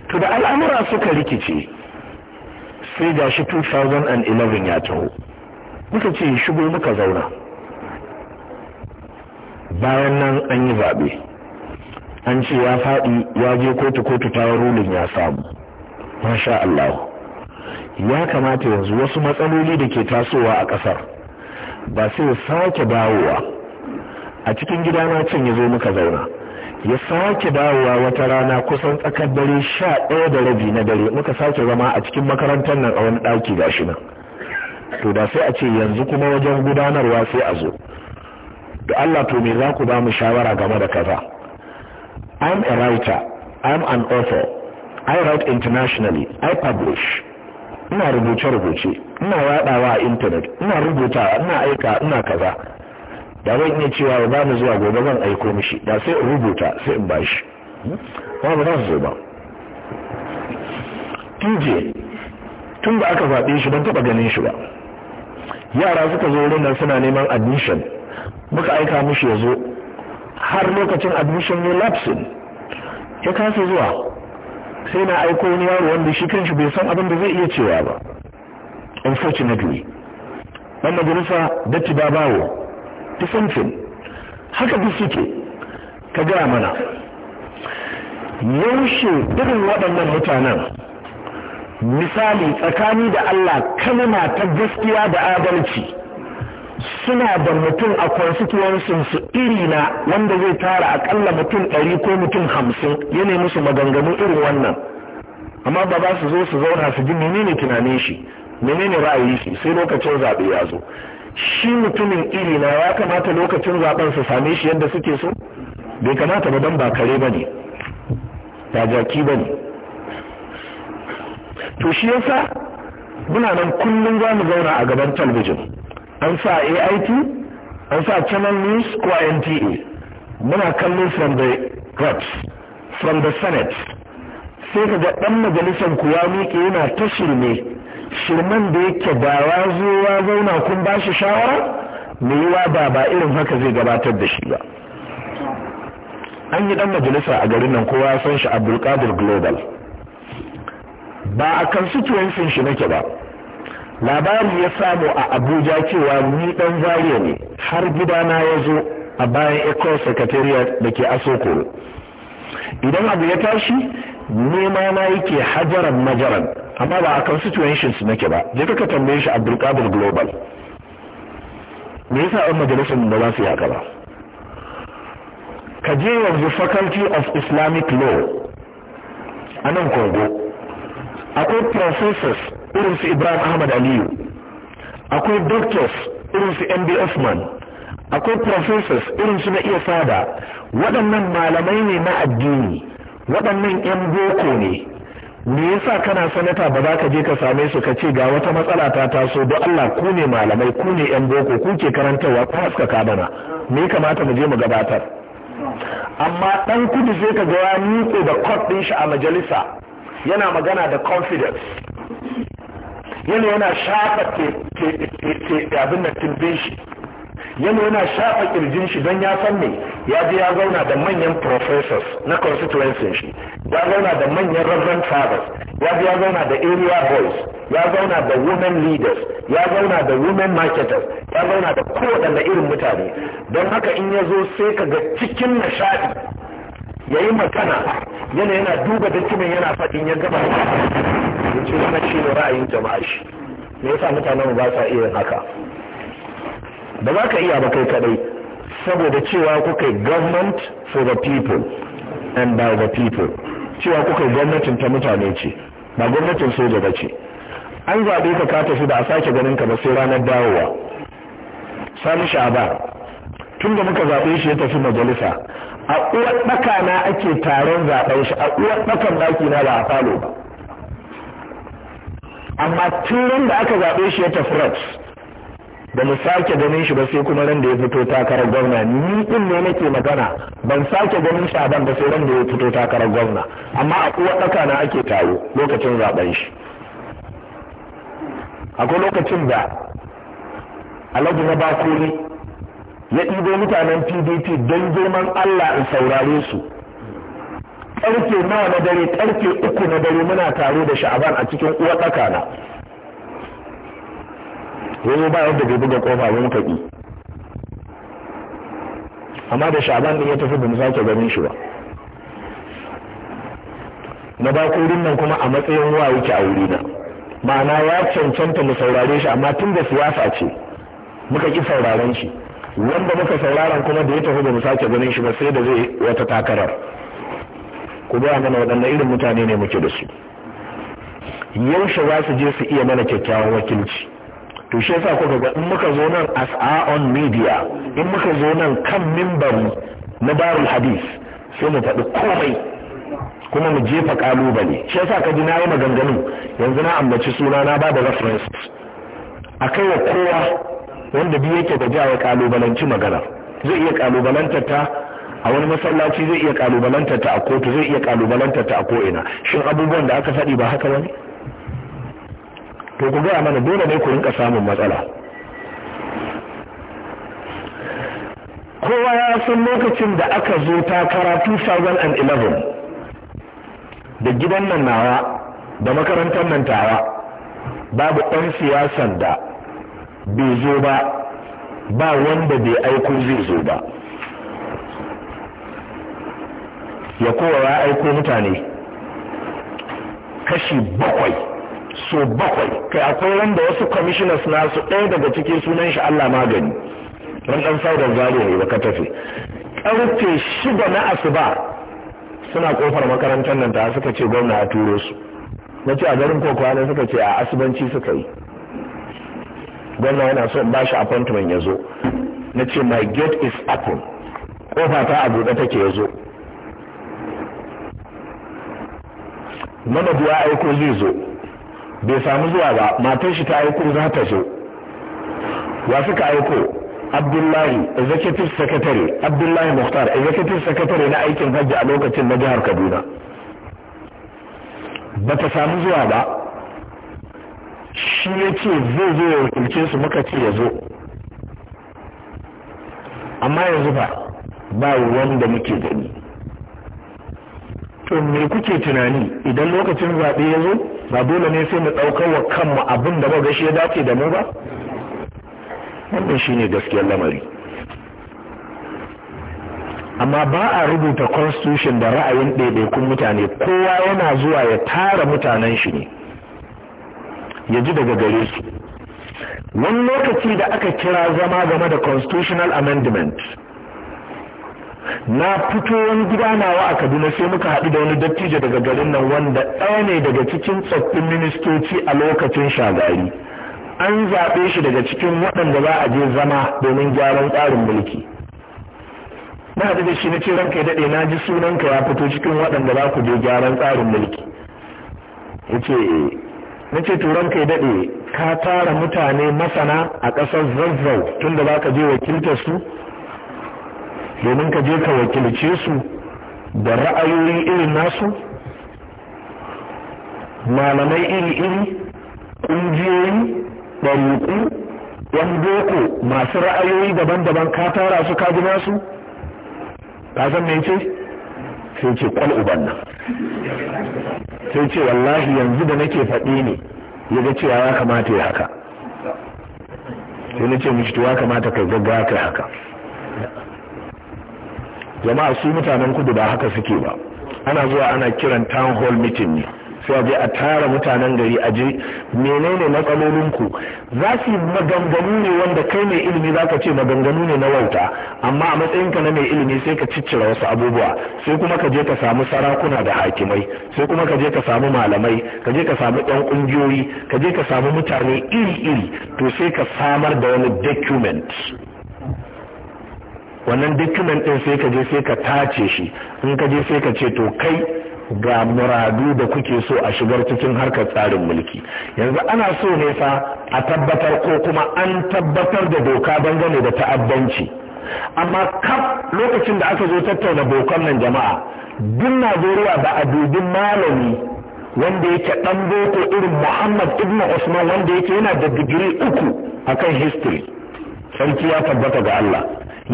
to da al'amura suka rikice sai ga shi 2011 ya taho muka ce shigo muka zauna bayan nan an yi zaɓe an ce ya faɗi ya je kotu kotu ta rulin ya samu masha Allah ya kamata yanzu wasu matsaloli da ke tasowa a ƙasar ba sai ya sake dawowa a cikin gida na can ya zo muka zauna ya sake dawowa wata rana kusan tsakar dare sha ɗaya da rabi na dare muka sake zama a cikin makarantar nan a wani ɗaki ga shi nan to da sai a ce yanzu kuma wajen gudanarwa sai a zo da Allah to me za ku ba mu shawara game da kaza I'm a writer I'm an author I write internationally I publish ina rubuce-rubuce ina waɗawa a intanet ina rubuta ina aika ina kaza da zan iya cewa ba mu zuwa gobe zan aiko mishi da sai in rubuta sai in bashi ba ba za su zo ba tije tun da aka zaɓe shi ban taɓa ganin shi ba yara suka zo wurin nan suna neman admission muka aika mishi ya zo har lokacin admission ya lapsin ya kasa zuwa sai na aiko wani yaro wanda shi kanshi bai san abin da zai iya cewa ba unfortunately dan majalisa datti ba bawo ta sanfin haka duk suke ka gaya mana yaushe irin waɗannan mutanen misali tsakani da Allah kalma ta gaskiya da adalci suna da mutum a constituency su iri na wanda zai tara akalla mutum ɗari ko mutum hamsin ya nemi su maganganu irin wannan amma ba za su zo su zauna su ji menene tunanin shi menene ra'ayi shi sai lokacin zaɓe ya zo shi mutumin iri na ya kamata lokacin zaɓen su same shi yadda suke so bai kamata ba don ba kare ba ne ba jaki ba ne to shi yasa muna nan kullum za mu zauna a gaban talabijin? an sa ait an sa channel news ko nta muna kallo from the reps from the senate sai ka ga ɗan majalisar ku ya miƙe yana ta shirme shirman da yake da ya zo ya zauna kun ba shi shawara mai yiwa ba ba irin haka zai gabatar da shi ba an yi ɗan majalisa a garin nan kowa ya san shi abdulkadir global ba a kan shi nake ba labari ya samu a abuja cewa ni dan zariya ne har gidana ya zo a bayan eco secretariat da ke asokoro idan abu ya tashi nema na yake hajaran majaran amma ba a kan situations nake ba je ka tambaye shi abdulkadir global me yasa yan majalisar ba za su yi haka ba ka je yanzu faculty of islamic law a nan kogo akwai professors irin su ibrahim ahmad aliyu akwai doctors irin su mbs man akwai professors irin su na iya sada waɗannan malamai ne na addini waɗannan 'yan boko ne me yasa kana sanata ba za ka je ka same su ka ce ga wata matsala ta taso don Allah ku ne malamai ku ne yan boko ku ke karantarwa ku haska mana me ya kamata mu je mu gabatar amma ɗan kudu sai ka ga ya miƙe da kwat ɗin shi a majalisa yana magana da confidence yana yana shafa ke abin da tumbin shi yana yana shafa kirjin shi don ya san ne ya je ya zauna da manyan professors na constituency shi ya zauna da manyan reverend fathers ya je ya zauna da area boys ya zauna da women leaders ya zauna da women marketers ya zauna da kowaɗanne irin mutane don haka in ya zo sai ka ga cikin nishaɗi ya yi magana yana yana duba dattimin yana faɗin ya gaba ya ce wani shi ne ra'ayin jama'a shi me yasa mutanen ba sa iya haka ba za ka iya ba kai kadai saboda cewa kuka government for the people and by the people cewa kuka gwamnatin ta mutane ce ba gwamnatin soja ba ce an zaɓe ka ka tafi da a sake ganin ka ba sai ranar dawowa sani sha'aba tun da muka zaɓe shi ya tafi majalisa a uwar na ake taron zaɓen shi a uwar ɗakan ɗaki na ba a falo ba amma tun da aka zaɓe shi ya tafi rat da mu sake ganin shi ba sai kuma ran da ya fito takarar gwamna ni din ne nake magana ban sake ganin shi a ban ba sai ran da ya fito takarar gwamna amma a uwar na ake taro lokacin zaɓen shi akwai lokacin da alhaji na bakuri Ya ɗibo mutanen pdp don girman allah in saurare su ƙarfe nawa na dare ƙarfe uku na dare muna taro da sha'aban a cikin uwa tsakana wani ba yadda bai buga kofa mun kaɗi amma da sha'aban ɗin ya tafi da mu sake ganin shi ba na ba nan kuma a matsayin wa yake a na. ma'ana ya cancanta mu saurare shi amma tun da siyasa ce muka ƙi sauraren shi wanda muka sauraron kuma da ya tafi ba mu sake ganin shi ba sai da zai wata takarar ku gaya mana waɗanne irin mutane ne muke da su yaushe za su je su iya mana kyakkyawan wakilci to shi yasa kuka ga in muka zo nan as on media in muka zo nan kan mimbar na darul hadis sai mu faɗi komai kuma mu jefa kalubale shi yasa ka ji na yi maganganu yanzu na ambaci suna na ba da reference a kai wa kowa wanda biyu yake da jawa kalubalanci magana zai iya kalubalantar ta a wani masallaci zai iya kalubalantar ta a kotu zai iya kalubalantar ta a ko'ina shin abubuwan da aka faɗi ba haka bane to ku gaya mana dole ne ku rinka samun matsala kowa ya san lokacin da aka zo takara 2011 da gidan nan nawa da makarantar nan tawa babu ɗan siyasan da bai zo ba ba wanda bai aiko zai zo ba ya kowa ya aiko mutane kashi bakwai so bakwai kai akwai wanda wasu commissioners nasu ɗaya daga cikin sunan shi Allah magani ran ɗan saudar zariya ne baka tafi ƙarfe shida na asuba suna ƙofar makarantar nan ta suka ce gwamna a turo su na ce a garin kokowa ne suka ce a asubanci suka yi gwamna yana son ba shi appointment ya zo na ce my gate is open kofa ta a buɗe take ya zo mana ya aiko zai zo bai samu zuwa ba matar shi ta aiko za ta zo wa suka aiko abdullahi executive secretary abdullahi muhtar executive secretary na aikin hajji a lokacin na jihar kaduna ba ta samu zuwa ba shi ya ce zai zo ya wakilce su muka ce ya zo amma yanzu ba ba wanda muke gani to me kuke tunani idan lokacin zaɓe ya zo ba dole ne sai mu ɗaukar wa kanmu abin da ga shi ya dace da mu ba wannan shi ne gaskiyar lamari amma ba a rubuta constitution da ra'ayin ɗaiɗaikun mutane kowa yana zuwa ya tara mutanen shi ne ya ji daga gare su wani lokaci da aka kira zama game da constitutional amendment na fito wani gida nawa a kaduna sai muka haɗu da wani dattijo daga garin nan wanda ɗaya ne daga cikin tsoffin ministoci a lokacin shagari an zaɓe shi daga cikin waɗanda za a je zama domin gyaran tsarin mulki na haɗu da shi na ce ranka ya daɗe na ji sunanka ya fito cikin waɗanda za ku je gyaran tsarin mulki ya ce nace ce turan kai daɗe ka tara mutane masana a ƙasar zazzau tun da ka je wakiltar su domin ka je ka wakilce su da ra'ayoyi irin nasu malamai iri-iri ƙungiyoyi ɗariƙu ɗan boko masu ra'ayoyi daban-daban ka tara su ka gina su? ka san me ce sai ce kwal uban nan sai ce wallahi yanzu da nake faɗi ne ya ga cewa ya kamata ya haka sai na ce mishi ya kamata kai gaggawa kai haka jama'a su mutanen kudu ba haka suke ba ana zuwa ana kiran town hall meeting ne sai a je a tara mutanen gari a je menene matsalolinku za su maganganu ne wanda kai mai ilimi za ka ce maganganu ne na wauta amma a matsayinka na mai ilimi sai ka ciccira wasu abubuwa sai kuma ka je ka samu sarakuna da hakimai sai kuma ka je ka samu malamai ka je ka samu ɗan ƙungiyoyi ka je ka samu mutane iri-iri to sai ka samar da wani document wannan document ɗin sai ka je sai ka tace shi in ka je sai ka ce to kai ga muradu da kuke so a shigar cikin harkar tsarin mulki yanzu ana so ne fa a tabbatar ko kuma an tabbatar da doka dangane da ta'addanci amma kaf lokacin da aka zo tattauna bokan nan jama'a duk najeriya ba a dubi malami wanda yake dan boko irin muhammad ibn usman wanda yake yana da digiri uku akan history sarki ya tabbata ga allah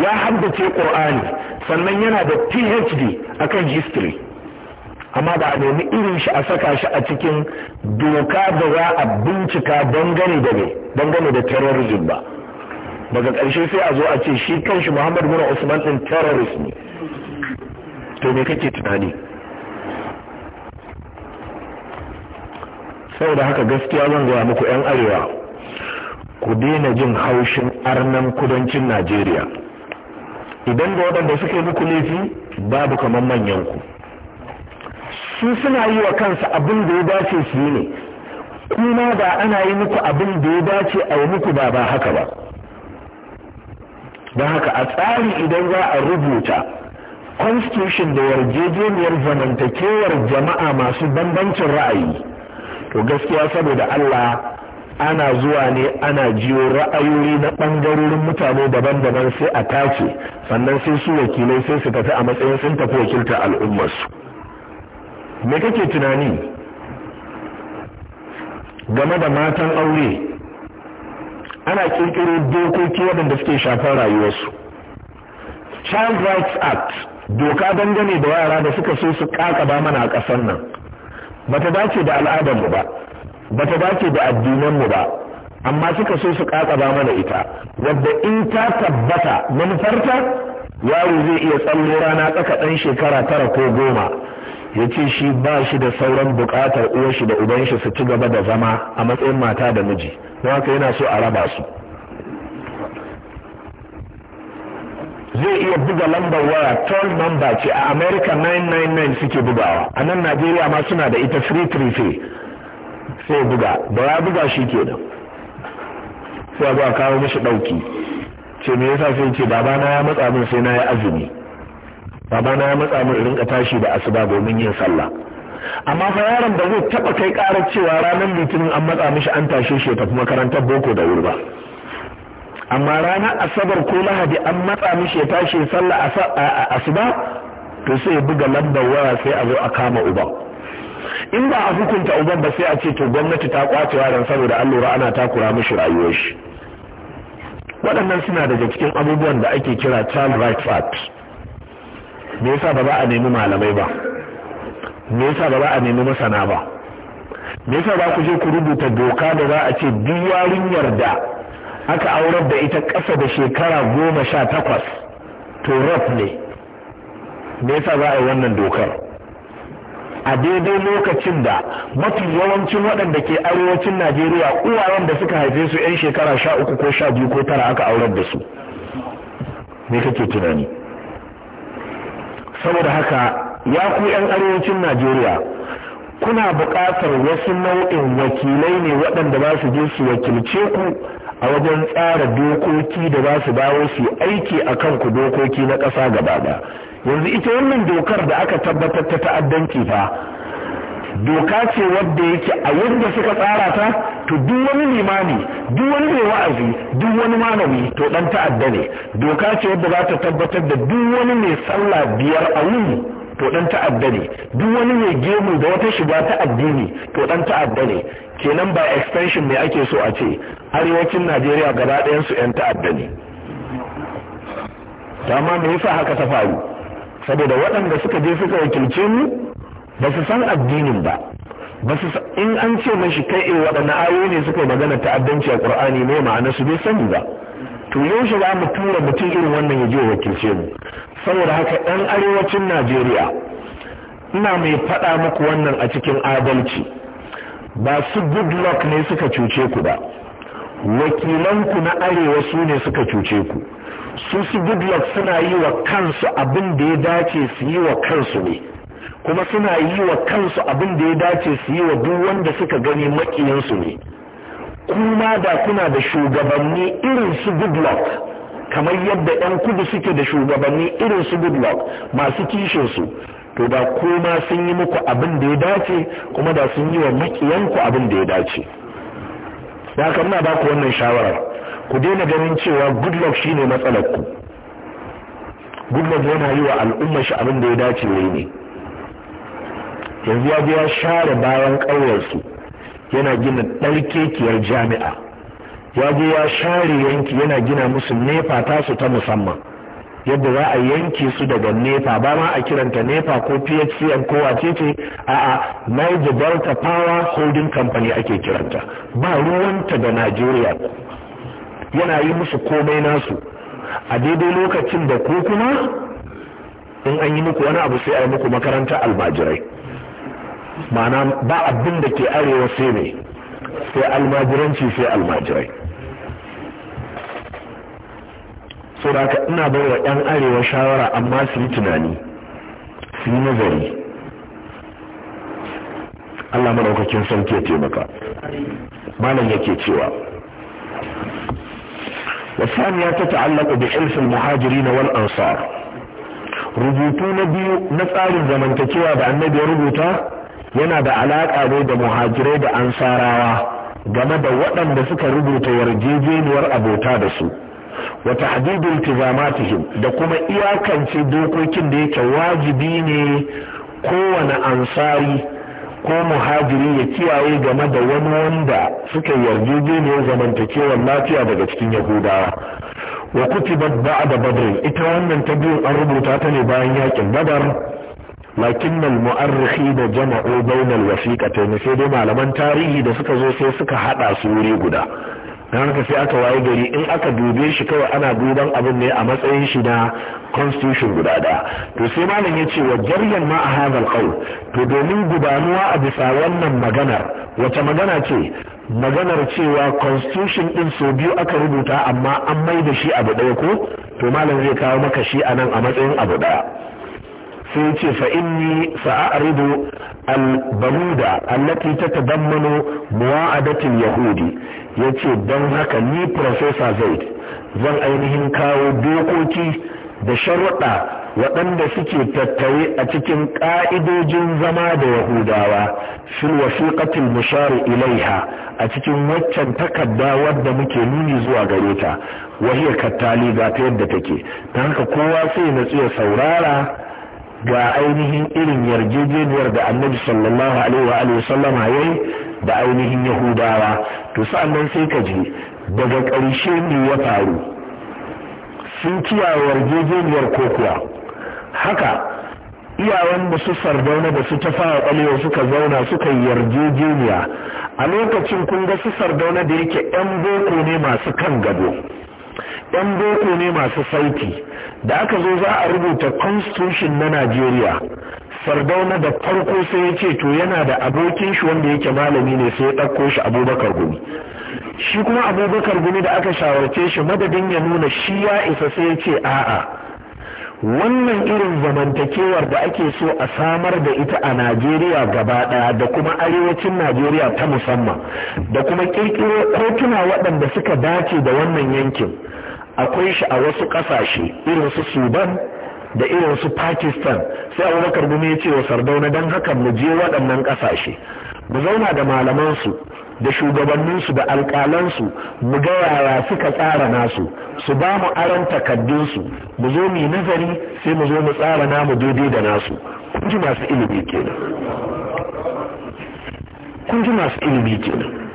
ya haddace qur'ani sannan yana da phd akan history amma ba a nemi irin shi a saka shi a cikin doka da za a bincika dangane da ne dangane da terrorism ba daga ƙarshe sai a zo a ce shi kanshi muhammad muna usman din terrorist ne to me kake tunani saboda haka gaskiya zan gaya muku 'yan arewa ku daina jin haushin arnan kudancin najeriya idan da waɗanda suka yi muku laifi babu kamar manyanku su suna yi wa kansu abin da ya dace su yi ne kuma ba ana yi muku abin da ya dace a yi muku ba ba haka ba don haka a tsari idan za a rubuta constitution da yarjejeniyar zamantakewar jama'a masu bambancin ra'ayi to gaskiya saboda Allah ana zuwa ne ana jiyo ra'ayoyi na ɓangarorin mutane daban-daban sai a tace sannan sai su wakilai sai su tafi a matsayin sun tafi wakiltar al'ummarsu me kake tunani game da matan aure ana kirkiro dokoki waɗanda suke shafar rayuwarsu child rights act doka dangane da yara da suka so su kakaba mana a ƙasar nan ba ta dace da al'adarmu ba ba ta dace da addinanmu ba amma suka so su kakaba mana ita wadda in ta tabbata manufarta yaro zai iya tsallo rana tsaka ɗan shekara tara ko goma ya ce shi ba shi da sauran bukatar uwarshi shi da uban shi su ci gaba da zama a matsayin mata da miji don haka yana so a raba su zai iya buga lambar waya toll number ce a america 999 suke bugawa a nan najeriya ma suna da ita free trife sai buga da ya buga shi ke nan sai a kawo mishi dauki ce me yasa sai ce babana ya matsa min sai na yi azumi Baba na ya matsa mu rinka tashi da asuba domin yin sallah amma fa yaron da zai taba kai karar cewa ranar litinin an matsa mishi an tashe shi tafi makarantar boko da wuri ba amma ranar asabar ko lahadi an matsa mishi ya tashi sallah asuba to sai ya buga lambar waya sai a zo a kama uba in ba a hukunta uban ba sai a ce to gwamnati ta kwace yaron saboda an lura ana takura mishi rayuwar shi waɗannan suna daga cikin abubuwan da ake kira child rights act me yasa ba za a nemi malamai ba me yasa ba za a nemi masana ba me yasa ba ku je ku rubuta doka da za a ce duk yarinyar da aka aurar da ita ƙasa da shekara goma sha takwas to rap ne me yasa za a yi wannan dokar a daidai lokacin da mafi yawancin waɗanda ke arewacin najeriya uwayen da suka haife su 'yan shekara sha uku ko sha biyu ko tara aka aurar da su me kake tunani saboda haka ya ku 'yan arewacin najeriya kuna buƙatar wasu nau'in wakilai ne waɗanda ba su je su wakilce ku a wajen tsara dokoki da ba su dawo su aiki a kan ku dokoki na ƙasa gaba yanzu ita wannan dokar da aka tabbatar ta ta'addanci fa doka ce wadda yake a yadda suka tsara ta to duk wani limami duk wani mai wa'azi duk wani malami to dan ta'adda ne doka ce wadda za ta tabbatar da duk wani mai sallah biyar a wuni to dan ta'adda ne duk wani mai gemu da wata shiga ta addini to dan ta'adda ne kenan ba extension ne ake so a ce arewacin Najeriya gaba ɗayan su yan ta'adda ne amma me yasa haka ta faru saboda waɗanda suka je suka wakilce mu ba su san addinin ba ba su in an ce mashi kai in waɗanne ayoyi ne suka yi magana ta'addanci a ƙur'ani ne ma'ana su bai sani ba to yaushe za mu tura mutum irin wannan ya je wakilce mu saboda haka ɗan arewacin Najeriya ina mai faɗa muku wannan a cikin adalci ba su goodluck ne suka cuce ku ba wakilanku na arewa su ne suka cuce ku su su goodluck suna yi wa kansu abin da ya dace su yi wa kansu ne kuma suna yi wa kansu abin da ya dace su yi wa duk wanda suka gani makiyansu ne kuma da kuna da shugabanni irin su goodluck kamar yadda 'yan kudu suke da shugabanni irin su goodluck masu kishinsu to da kuma sun yi muku abin da ya dace kuma da sun yi wa makiyanku abin da ya dace da haka muna ba ku wannan shawarar ku daina ganin cewa goodluck shine matsalar ku goodluck yana yi wa al'umma shi abin da ya dace ne yanzu ya je ya share bayan ƙauyensu yana gina ɗarkekiyar jami'a ya je ya share yanki yana gina musu nefa tasu ta musamman yadda za a yanke su daga nefa ba ma a kiranta nefa ko phcm ko ce a a niger delta power holding company ake kiranta ba ruwanta da nigeria yana yi musu komai nasu a daidai lokacin da ko kuma in an yi muku wani abu sai a yi muku makarantar almajirai ma'ana ba abin da ke arewa sai ne sai almajiranci sai almajirai so da ina bai wa 'yan arewa shawara amma su yi tunani su yi nazari Allah madaukakin son ya taimaka malam yake cewa والثانية تتعلق بحلف المهاجرين والأنصار rubutu na biyu na tsarin zamantakewa da annabi ya rubuta yana da alaƙa ne da muhajirai da ansarawa game da waɗanda suka rubuta yarjejeniyar abota da su wa tahdidu tizamatihim da kuma iyakance dokokin da yake wajibi ne kowane ansari ko muhajiri ya kiyaye game da wani wanda suka yarjejeniyar zamantakewar lafiya daga cikin yahudawa wa kutibat ba'da badr ita wannan ta an rubuta ta ne bayan yakin badar lakin al da jama'u bayna al-wasiqatayn sai dai malaman tarihi da suka zo sai suka hada su wuri guda don haka sai aka waye gari in aka dube shi kawai ana duban abin ne a matsayin shi na constitution guda da. to sai malam ya ce wa jaryan ma a hadal qaul to domin gudanuwa a bisa wannan maganar wace magana ce maganar cewa constitution din so biyu aka rubuta amma an mai da shi abu daya ko to malam zai kawo maka shi anan a matsayin abu daya sai ya ce fa'inni sa'aridu al-bamuda allati ta tadammanu muwa'adatin yahudi ya ce don haka ni profesa zaid zan ainihin kawo dokoki da sharuɗa waɗanda suke tattare a cikin ƙa'idojin zama da yahudawa fil wasiqatil mushari ilaiha a cikin waccan takarda wadda muke nuni zuwa gare ta wahiyar kattali ga ta yadda take ta haka kowa sai na tsaye saurara ga ainihin irin yarjejeniyar da annabi sallallahu alaihi wa sallama yayi da ainihin yahudawa to sa'annan sai ka je daga ƙarshe ne ya faru sun kiyaye yarjejeniyar kokuwa haka iyawan da su sardauna da su ta fara ƙwalewa suka zauna suka yarjejeniya a lokacin kun ga su sardauna da yake 'yan boko ne masu kan gado ɗan boko ne masu sauti da aka zo za a rubuta constitution na najeriya sardauna da farko sai ya ce to yana da abokin shi wanda yake malami ne sai ya ɗauko shi abubakar gumi shi kuma abubakar gumi da aka shawarce shi madadin ya nuna shi ya isa sai ya ce a'a wannan irin zamantakewar da ake so a samar da ita a najeriya gaba ɗaya da kuma arewacin najeriya ta musamman da kuma kirkiro kotuna waɗanda suka dace da wannan yankin akwai shi a wasu ƙasashe irin su sudan da irin su pakistan sai abubakar gumi ya ce wa sardauna don haka mu je waɗannan ƙasashe mu zauna da malaman su da shugabanninsu da alƙalansu mu ga yaya suka tsara nasu su ba mu aron takaddunsu mu zo mu nazari sai mu zo mu tsara namu daidai da nasu kun ji masu ilimi kenan kun ji masu ilimi kenan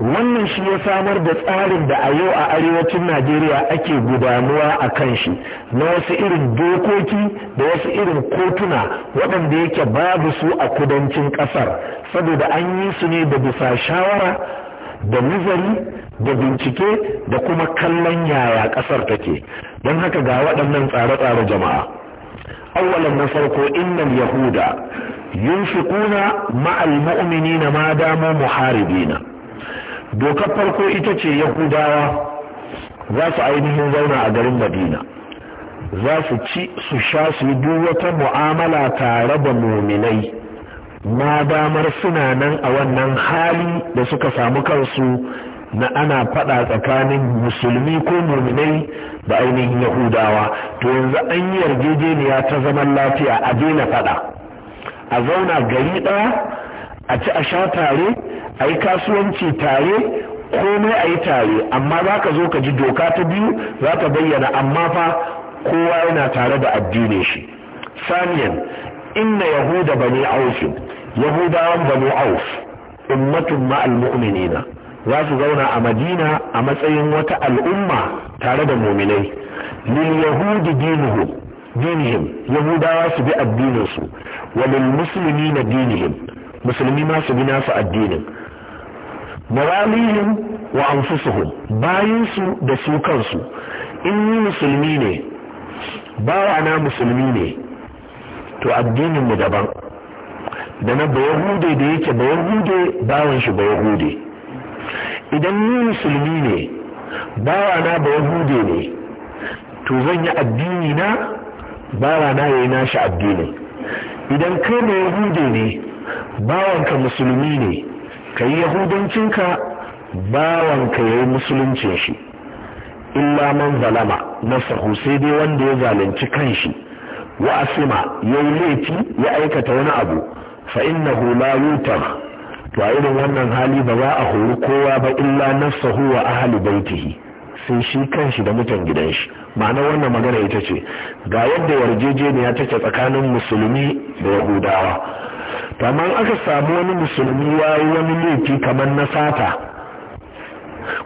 wannan shi ya samar da tsarin da a yau a arewacin najeriya ake gudanuwa a kan shi na wasu irin dokoki da wasu irin kotuna waɗanda yake babu su a kudancin ƙasar saboda an yi su ne da bisa shawara da nazari da bincike da kuma kallon yaya ƙasar take don haka ga waɗannan tsare-tsare jama'a awwalan na farko innal yahuda yunfiquna ma'al mu'minina ma damu muharibina dokar farko ita ce yahudawa za su ainihin zauna a garin madina za su ci su sha su yi duk wata mu'amala tare da muminai ma damar suna nan a wannan hali da suka samu kansu na ana fada tsakanin musulmi ko muminai da ainihin yahudawa to yanzu an yi yarjejeniya ta zaman lafiya a daina fada a zauna gari ɗaya a ci a sha tare a yi kasuwanci tare komai a yi tare amma za ka zo ka ji doka ta biyu za ta bayyana amma fa kowa yana tare da addinin shi saniyan inna yahuda bani auf yahudawan bani auf ummatun ma'al mu'minina za su zauna a madina a matsayin wata al'umma tare da muminai lil yahudi dinuhum dinihim yahudawa su bi addininsu wa lil muslimina dinihim musulmi ma su bi nasu addinin mawalihim wa anfusuhum bayin su da su kansu in ni musulmi ne bawa na musulmi ne to addinin mu daban da na bayahude da yake bayahude bawan shi bayahude idan ni musulmi ne bawa na bayahude ne to zan yi addini na bawa na yayi nashi addinin idan kai bayahude ne bawanka musulmi ne ka yi yahudancinka bawanka ya yi musuluncin shi illa man zalama sahu, sai dai wanda ya zalunci kanshi wa asima ya yi laifi ya aikata wani abu fa inna la yutar to a irin wannan hali ba za a hori kowa ba illa nasahu wa ahli baitihi sai shi kanshi da mutan gidan shi ma'ana wannan magana ita ce ga yadda yarjejeniya take tsakanin musulmi da yahudawa to aka samu wani musulmi ya yi wani laifi kamar na sata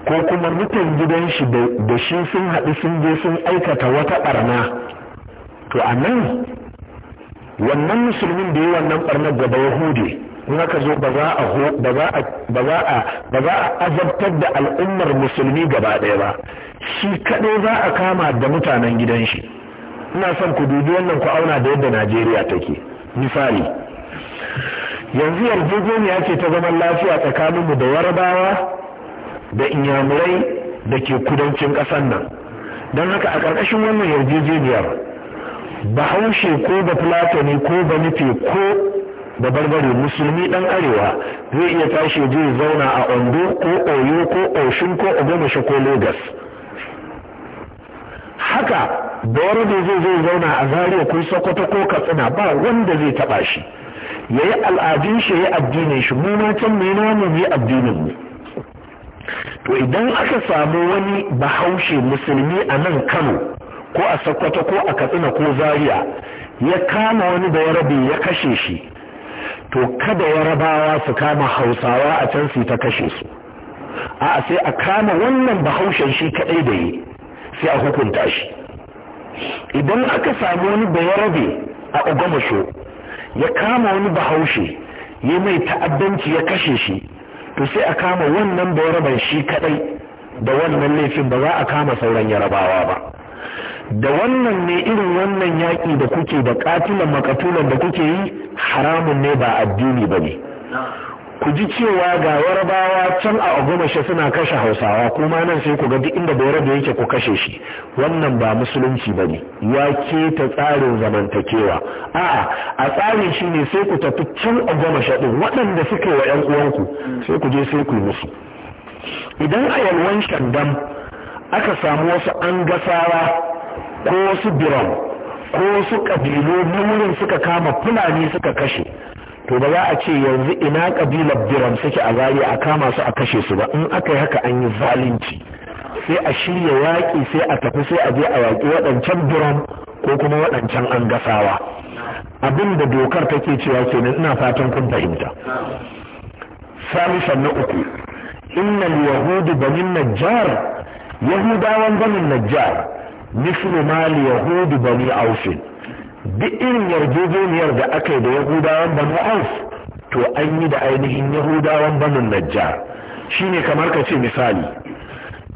ko kuma mutan gidan shi da shi sun haɗu sun je sun aikata wata ɓarna to a nan wannan musulmin da yi wannan ɓarnar gaba hude in aka zo ba za a azabtar da al'ummar musulmi gaba ɗaya ba shi kaɗai za a kama da mutanen gidan shi ina son ku dubi wannan ku auna da yadda najeriya take misali yanzu yarjejeniya ce ta zaman lafiya tsakaninmu da warabawa da inyamurai da ke kudancin ƙasar nan don haka a ƙarƙashin wannan yarjejeniyar bahaushe ko da fulatani ko ba nufe ko da barbare musulmi ɗan arewa zai iya tashi zai zauna a ondo ko oyo ko oshin ko ogomasha ko Legas. haka da zai zai zauna a zariya ko sokoto ko katsina ba wanda zai taɓa shi ya yi al'adun shi ya addinin shi mu ma can mai namu mu yi addinin mu to idan aka samu wani bahaushe musulmi a nan kano ko a sokoto ko a katsina ko zaria ya kama wani da rabe ya kashe shi to kada yarabawa su kama hausawa a can su ta kashe su a sai a kama wannan bahaushen shi kadai da yi sai a hukunta shi idan aka samu wani da a ogamasho ya kama wani bahaushe ya mai ta'addanci ya kashe shi to sai a kama wannan bayaraban shi kadai da wannan laifin ba za a kama sauran yarabawa ba da wannan ne irin wannan yaƙi da kuke da katilan makatulan da kuke yi haramun ne ba addini ba ne ku ji cewa ga yarabawa can a agomashe suna kashe hausawa kuma nan sai ku ga duk inda bai da yake ku kashe shi wannan ba musulunci ba ne ya ta tsarin zamantakewa a'a a tsarin shi ne sai ku tafi can agomashe ɗin waɗanda suke wa 'yan uwanku sai ku je sai ku yi musu idan a yalwan shandam aka samu wasu an gasawa ko wasu biram ko wasu ƙabilu na wurin suka kama fulani suka kashe to ba za a ce yanzu ina kabilar biram suke a zariya a kama su a kashe su ba in aka yi haka an yi zalunci sai a shirya yaƙi sai a tafi sai a je a yaƙi waɗancan biram ko kuma waɗancan an gasawa abin da dokar take cewa kenan ina fatan kun fahimta salisan na uku innal yahudu banin najjar yahudawan banin najjar mislu mali yahudu bani aufin duk irin yarjejeniyar da aka yi da yahudawan banu auf to an yi da ainihin yahudawan banu Shi shine kamar ka ce misali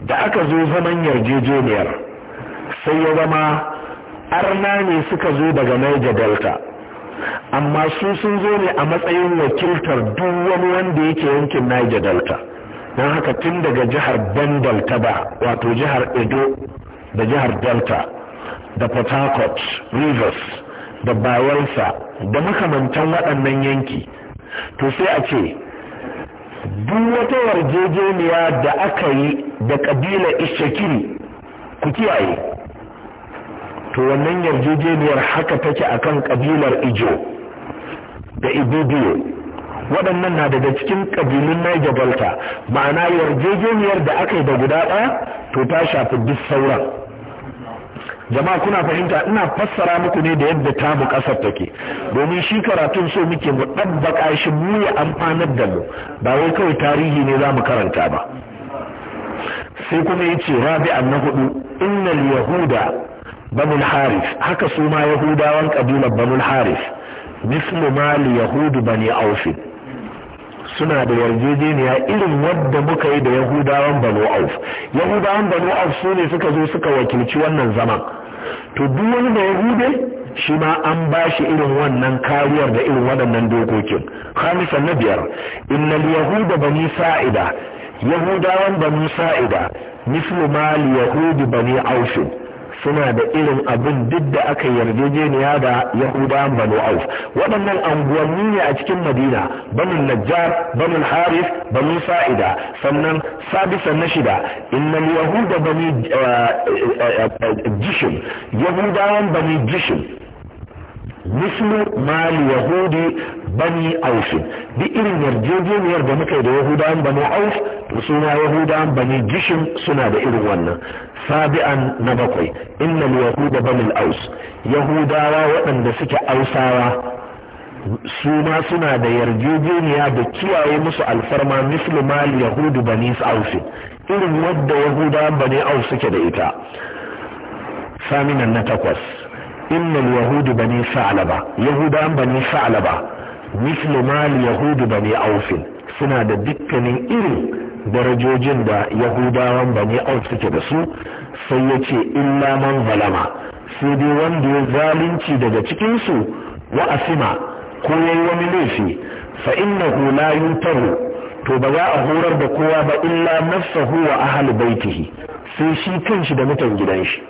da aka zo zaman yarjejeniyar sai ya zama arna ne suka zo daga Naija Delta amma su sun zo ne a matsayin wakiltar duk wani wanda yake yankin Naija Delta don haka tun daga jihar Bendel ta ba wato jihar Edo da jihar Delta da port harcourt rivers da bayelsa da makamantan waɗannan yanki to sai a ce duk wata yarjejeniya da aka yi da ƙabila ishakiri ku kiyaye to wannan yarjejeniyar haka take a kan ƙabilar ijo da ibibiyo waɗannan na daga cikin ƙabilun niger delta ma'ana yarjejeniyar da aka yi da guda ɗaya to ta shafi duk sauran jama'a kuna fahimta ina fassara muku ne da yadda tamu kasar take domin shi karatun so muke mu ɗabbaƙa shi mu ya amfanar da mu ba wai kawai tarihi ne za mu karanta ba sai kuma yace an na hudu innal yahuda banul haris haka su ma yahudawan kabilar banul haris mislu ma yahudu bani aufin suna da yarjejeniya irin wadda muka yi da yahudawan banu auf yahudawan banu auf su ne suka zo suka wakilci wannan zaman to duk wani da yahude shi ma an ba shi irin wannan kariyar da irin waɗannan dokokin khamisan na biyar innal yahuda bani sa'ida yahudawan bani sa'ida mislu ma yahudi bani aufin suna da irin abin duk da aka yarjejeniya da yahuda banu auf waɗannan anguwanni ne a cikin madina banin najjar banin haris banu sa'ida sannan sabisa na shida innal yahuda bani eh, eh, eh, jishim yahudawan bani jishim mislu mali yahudi bani auf duk irin yarjejeniyar da muka yi da yahudawan bani auf to suna yahudawan bani jishin suna da irin wannan sabi'an na bakwai innal yahuda bani aus yahudawa waɗanda suke ausawa su ma suna da yarjejeniya da kiyaye musu alfarma mislu mali yahudi bani ausin irin wadda yahudawan bani aus suke da ita saminan na takwas innal yahudu bani sa'laba yahudan bani yahudu bani aufin suna da dukkanin irin darajojin da yahudawan bani auf suke da su sai yace illa man zalama sai dai wanda ya zalunci daga cikinsu su wa asima ko yayi wani laifi fa innahu la yutaru to ba za a horar da kowa ba illa nafsahu wa ahli baitihi sai shi kanshi da mutan gidan shi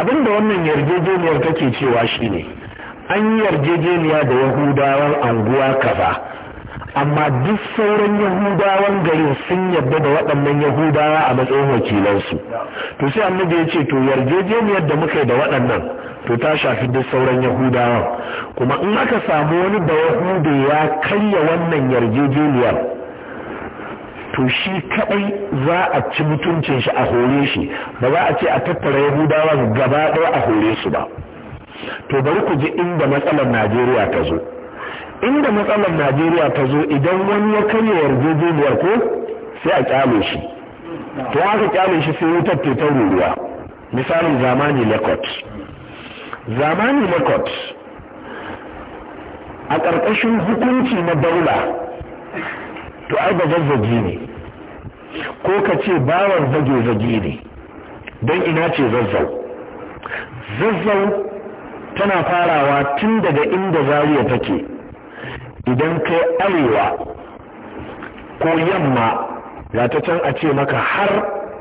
abin da wannan yarjejeniyar take cewa shi ne an yi yarjejeniya da yahudawan anguwa kaza amma duk sauran yahudawan garin sun yarda da waɗannan yahudawa a matsayin wakilansu to sai annabi ya ce to yarjejeniyar da muka yi da waɗannan to ta shafi duk sauran yahudawan kuma in aka samu wani da yahudu ya karya wannan yarjejeniyar to shi kadai za a ci mutuncin shi a hore shi ba za a ce a tattara yahudawa gaba ɗaya a hore su ba to bari ku ji inda matsalar najeriya ta zo inda matsalar najeriya ta zo idan wani ya karya yarjejeniyar ko sai a kyale shi to aka kyale shi sai wutar tetan ruruwa misalin zamani lekot zamani lekot a ƙarƙashin hukunci na daula to ai bazazzagi ne ko ka ce bawan zage-zage ne don ina ce zazzau zazzau tana farawa tun daga inda zariya take idan kai arewa ko yamma ga ta can a ce maka har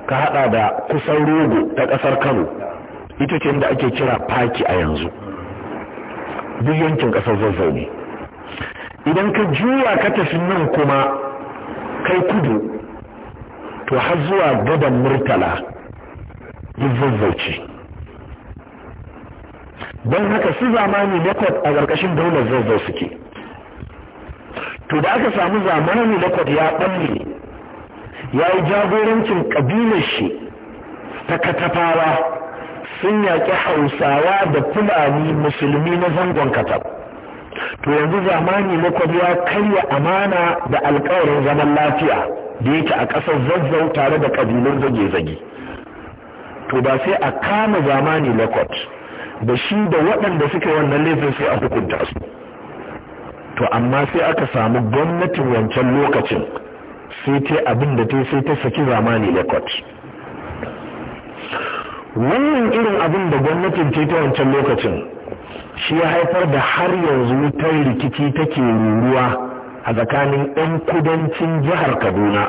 ka hada da kusan rogo ta kasar kano ita ce da ake kira faki a yanzu duk yankin kasar zazzau ne idan ka juya ka tafi nan kuma kai kudu to har zuwa gadon murtala duk zazzauci don haka su zamani lakwat a ƙarƙashin daular zazzau suke to da aka samu zamani lakwat ya ɓalle ya yi jagorancin ƙabilar shi ta katafawa sun yaƙi hausawa da fulani musulmi na zangon katab to yanzu zamani makwab ya karya amana da alkawarin zaman lafiya da yake a ƙasar zazzau tare da ƙabilun zage-zage to ba sai a kama zamani lakot da shi da waɗanda suke wannan laifin sai a hukunta su to amma sai aka samu gwamnatin wancan lokacin sai ta abin da ta sai ta saki zamani lakot wannan irin abin da gwamnatin ta ta wancan lokacin shi ya haifar da har yanzu wutar rikici take ruruwa a tsakanin 'yan kudancin jihar kaduna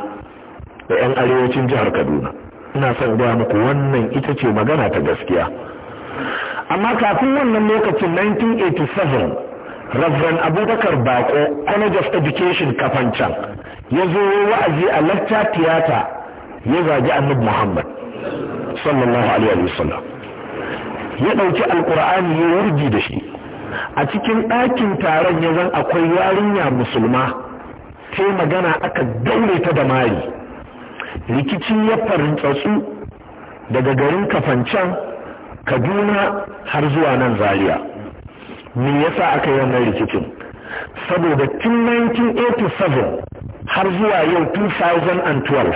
da 'yan arewacin jihar kaduna ina son gaya muku wannan ita ce magana ta gaskiya amma kafin wannan lokacin 1987 rabban abubakar bako college of education kafancan ya zo wa'azi a lacca tiyata ya zagi annabi muhammad sallallahu alaihi wasallam ya ɗauki alkur'ani ya wurgi da shi a cikin ɗakin taron ya zan akwai yarinya musulma ta magana aka daure ta da mari rikici ya farintsatsu daga garin kafancan kaduna har zuwa nan zaria me yasa aka yi wannan rikicin saboda tun 1987 har zuwa yau 2012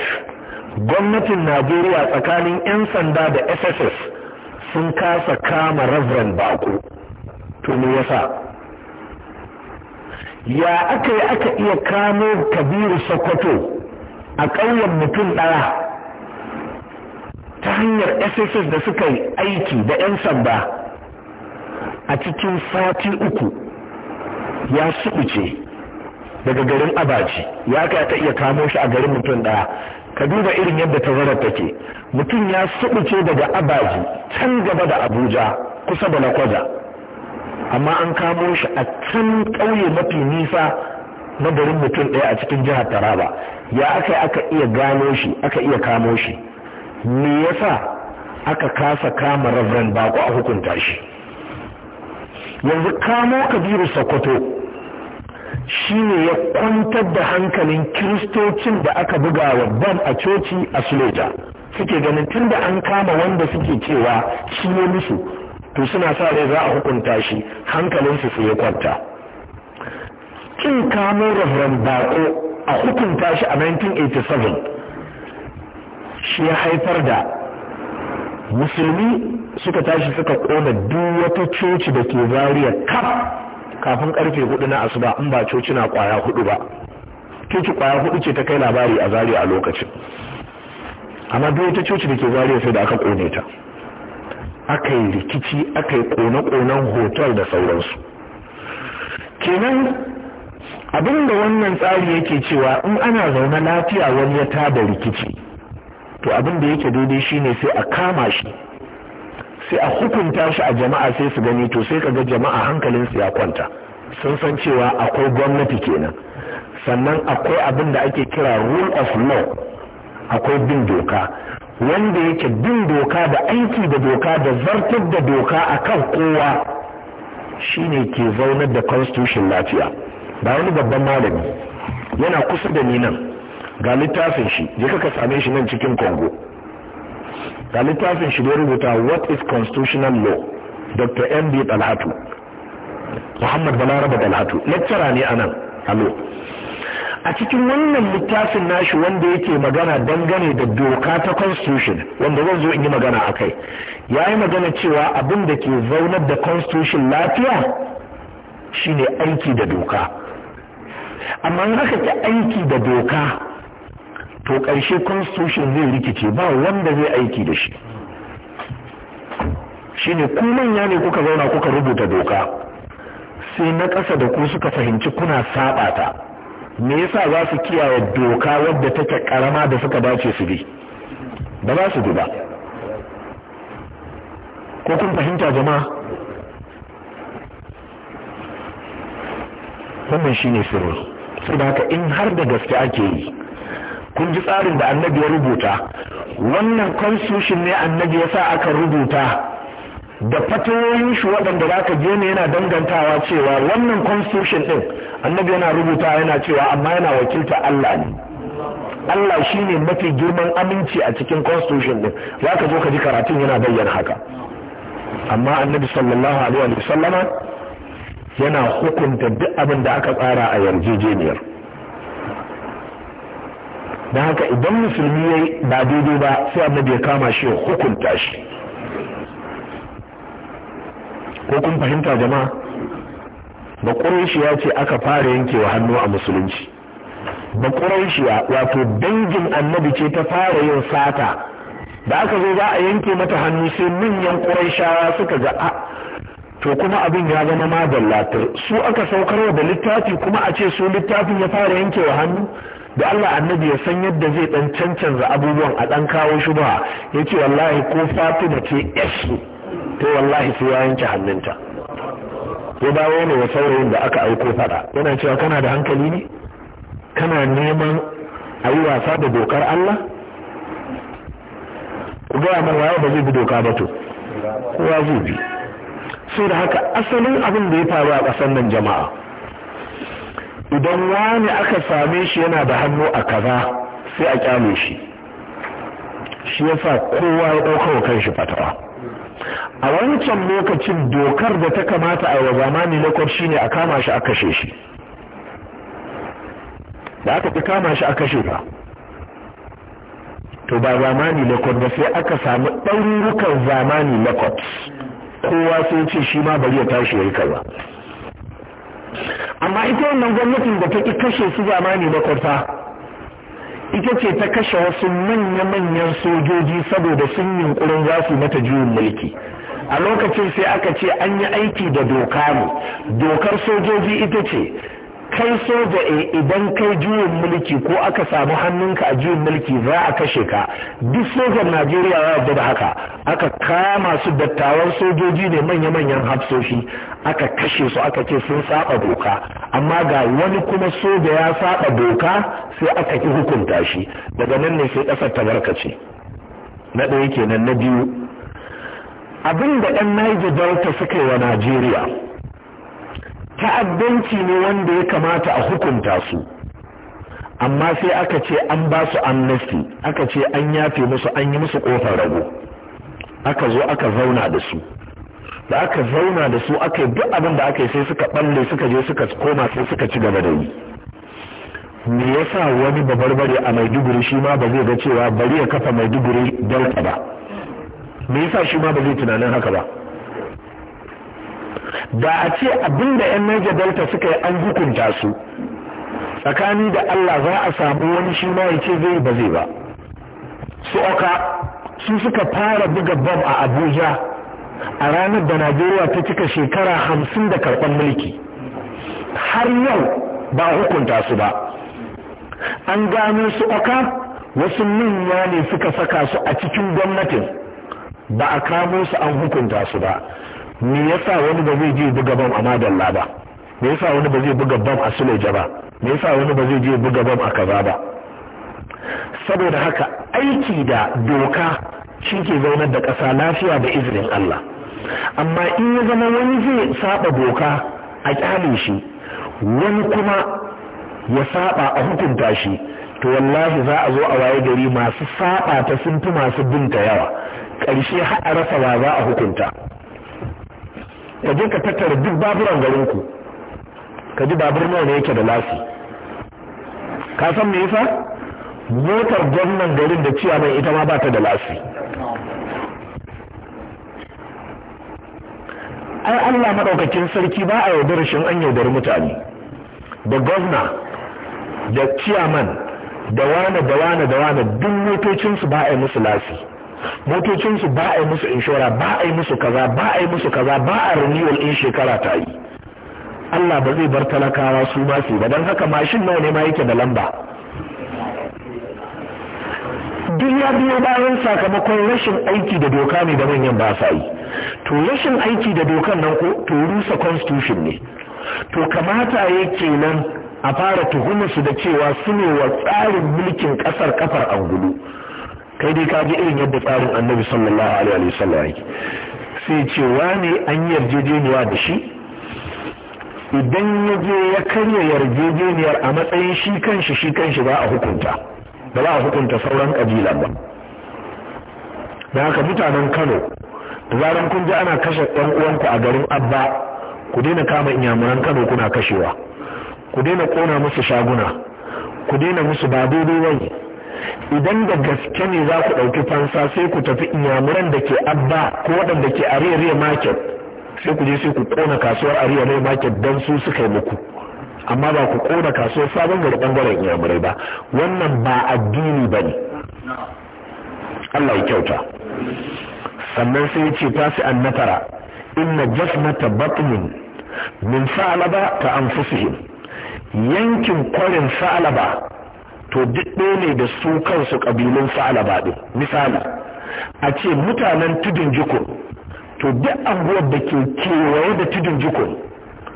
gwamnatin najeriya tsakanin 'yan sanda da sss sun kasa kama reverend bako to me yasa ya aka aka iya kamo kabiru sokoto a ƙauyen mutum ɗaya ta hanyar sss da suka yi aiki da 'yan sanda a cikin sati uku ya suɓuce daga garin abaji ya ka ta iya kamo shi a garin mutum ɗaya ka duba irin yadda tazarar take mutum ya suɓuce daga abaji can gaba da abuja kusa da lakwaja amma an kamo shi a can ƙauye mafi nisa na garin mutum ɗaya a cikin jihar taraba ya aka aka iya gano shi aka iya kamo shi me yasa aka kasa kama rabban bako a hukunta shi yanzu kamo kabiru sokoto shi ne ya kwantar da hankalin kiristocin da aka buga wa bam a coci a suleja suke ganin tun da an kama wanda suke cewa shi ne musu to suna sa rai za a hukunta shi hankalinsu su ya kwanta kin kamo reverend bako a hukunta shi a 1987 shi ya haifar da musulmi suka tashi suka kona duk wata coci da ke zariya kaf kafin karfe hudu na asuba in ba coci na kwaya hudu ba coci kwaya hudu ce ta kai labari a zari a lokacin amma duk ta coci da ke zariya sai da aka kone ta aka yi rikici aka yi kone-konen hotel da sauransu kenan abinda wannan tsari yake cewa in ana zaune lafiya wani ya tada rikici to abinda yake daidai shine sai a kama shi sai a hukunta shi a jama'a sai su gani to sai ka ga jama'a hankalin su ya kwanta sun san cewa akwai gwamnati kenan sannan akwai abin da ake kira rule of law akwai bin doka wanda yake bin doka da aiki da doka da zartar da doka a kan kowa shine ke zaunar da constitution lafiya ba wani babban malami yana kusa da ni nan ga littafin shi je ka same shi nan cikin kongo ga littafin shi da rubuta what is constitutional law dr md dalhatu muhammad balaraba dalhatu lecturer ne a nan a cikin wannan littafin nashi wanda yake magana dangane da doka ta constitution wanda zan zo in yi magana a kai ya yi magana cewa abin da ke zaunar da constitution lafiya shine aiki da doka amma in haka ki aiki da doka to ƙarshe constitution zai rikice ba wanda zai aiki da shi shine ku manya ne kuka zauna kuka rubuta doka sai na ƙasa da ku suka fahimci kuna saɓa ta me yasa za su kiyaye doka wadda take ƙarama da suka dace su bi ba za su bi ba ko kun fahimta jama'a wannan shi ne sirri da haka in har da gaske ake yi kun ji tsarin da annabi ya rubuta wannan constitution ne annabi ya sa aka rubuta da fatoyin shi waɗanda za ka je ne yana dangantawa cewa wannan constitution ɗin annabi yana rubuta yana cewa amma yana wakilta Allah ne Allah shi ne mafi girman aminci a cikin constitution ɗin za ka zo ka ji karatun yana bayyana haka amma annabi sallallahu alaihi wa sallama yana hukunta duk abin da aka tsara a yarjejeniyar don haka idan musulmi ya yi ba daidai ba sai annabi ya kama shi ya hukunta shi ko kun fahimta jama'a ba ya ce aka fara yankewa hannu a musulunci ba wato dangin annabi ce ta fara yin sata da aka zo za a yanke mata hannu sai manyan ƙuraishawa suka ga a ah, to kuma abin ya zama madallatar su aka saukarwa da littafi kuma a ce su littafin ya fara yanke wa hannu da Allah annabi ya san yadda zai dan cancanza abubuwan a dan kawo shi ba ya ce wallahi ko fatima ce yasu to wallahi sai ya yanke hannunta ya dawo ne wa saurayin da aka aiko fada yana cewa kana da hankali ne kana neman a yi wasa da dokar Allah ku gaya mana waye ba zai bi doka ba to kowa zai bi sai da haka asalin abin da ya faru a ƙasar nan jama'a idan wani aka same shi yana da hannu a kaza sai a kyale shi shi sa kowa ya ɗauka wa kanshi fatawa a wancan lokacin dokar da ta kamata a wa zamani na shi ne a kama shi a kashe shi da aka fi kama shi a kashe ba to ba zamani na ba sai aka samu ɗaurukan zamani na kowa sai ce shi ma bari ya tashi ya yi kaza amma ita wannan gwamnatin da ta ki kashe su zamani makwarta ita ce ta kashe wasu manya-manyan sojoji saboda sun yunkurin za su mata juyin mulki a lokacin sai aka ce an yi aiki da doka ne dokar sojoji ita ce kai soja eh, idan kai juyin mulki ko aka samu hannunka a juyin mulki za a kashe ka duk sojan najeriya ya yarda da haka aka kama su dattawan sojoji ne manya-manyan hafsoshi aka kashe su aka ce sun saba doka amma ga wani kuma soja ya saba doka sai aka ki hukunta shi daga nan ne sai kasar tabarkace na ɗaya kenan na biyu abin da 'yan niger delta suka yi wa najeriya ta'addanci ne wanda ya kamata a hukunta su amma sai aka ce an ba su amnesty aka ce an yafe musu an yi musu kofar rago aka zo aka zauna da su da aka zauna da su aka duk abin da aka yi sai suka balle suka je suka koma sai suka ci gaba da yi me yasa wani babarbare a maiduguri shi ma ba zai ga cewa bari ya kafa maiduguri dauka ba me yasa shi ma ba zai tunanin haka ba da a ce abinda 'yan Niger Delta suka yi an hukunta su tsakani da Allah za a samu wani shi ma ya zai ba zai ba su oka su suka fara buga bomb a Abuja a ranar da Najeriya ta cika shekara hamsin da karɓar mulki har yau ba hukunta su ba an gano su oka wasu manya ne suka saka su a cikin gwamnatin ba a kamo su an hukunta su ba me yasa wani ba zai je buga bam a madalla ba me yasa wani ba zai buga bam a suleja ba me yasa wani ba zai je buga bam a kaza ba saboda haka aiki da doka shi ke zaunar da ƙasa lafiya da izinin Allah amma in ya zama wani zai saba doka a kyale shi wani kuma ya saba a hukunta shi to wallahi za a zo a waye gari masu saba ta sun fi masu binta yawa ƙarshe har a rasa ba za a hukunta ka je ka tattara duk baburan garinku ka ji babur nawa ne yake da lasi ka san me yasa motar gwamnan garin da ciya mai ita ma ba ta da lasi ai Allah madaukakin sarki ba a yaudar shin an yaudar mutane da gwamna da ciyaman da wane da wane da wane duk motocinsu ba a yi musu lasi motocinsu ba a yi musu inshora ba a yi musu kaza ba a yi musu kaza ba a renewal in shekara ta yi Allah ba zai bar talakawa su ba su ba don haka mashin nawa ne ma yake da lamba duk ya biyo bayan sakamakon rashin aiki da doka ne da manyan ba sa yi to rashin aiki da dokan nan ko to rusa constitution ne to kamata ya nan a fara tuhumarsu da cewa su ne wa tsarin mulkin kasar kafar angulu kai dai kaji irin yadda tsarin annabi sallallahu alaihi wa sallam yake sai ce ne an yarjejeniya da shi idan ya je ya karya yarjejeniyar a matsayin shi kanshi shi kanshi ba a hukunta ba za a hukunta sauran kabila ba da haka mutanen kano da zaran kun ji ana kashe ɗan uwanku a garin abba ku daina kama inyamuran kano kuna kashewa ku daina kona musu shaguna ku daina musu ba daidai wani idan da gaske ne za ku ɗauki fansa sai ku tafi inyamuran da ke abba ko waɗanda ke ariyar market sai ku je sai ku ƙona kasuwar ariyar market don su suka yi muku amma ba ku ƙona kasuwar sabon gari ɓangaren inyamurai ba wannan ba addini ba ne Allah ya kyauta sannan sai ya ce fasi an natara inna jasmata batnin min sa'alaba ta anfusihim yankin kwarin saalaba to duk ne da su kansu kabilun fa'alaba ɗin misali a ce mutanen tudun jikun to duk anguwar da ke kewaye da tudun jikun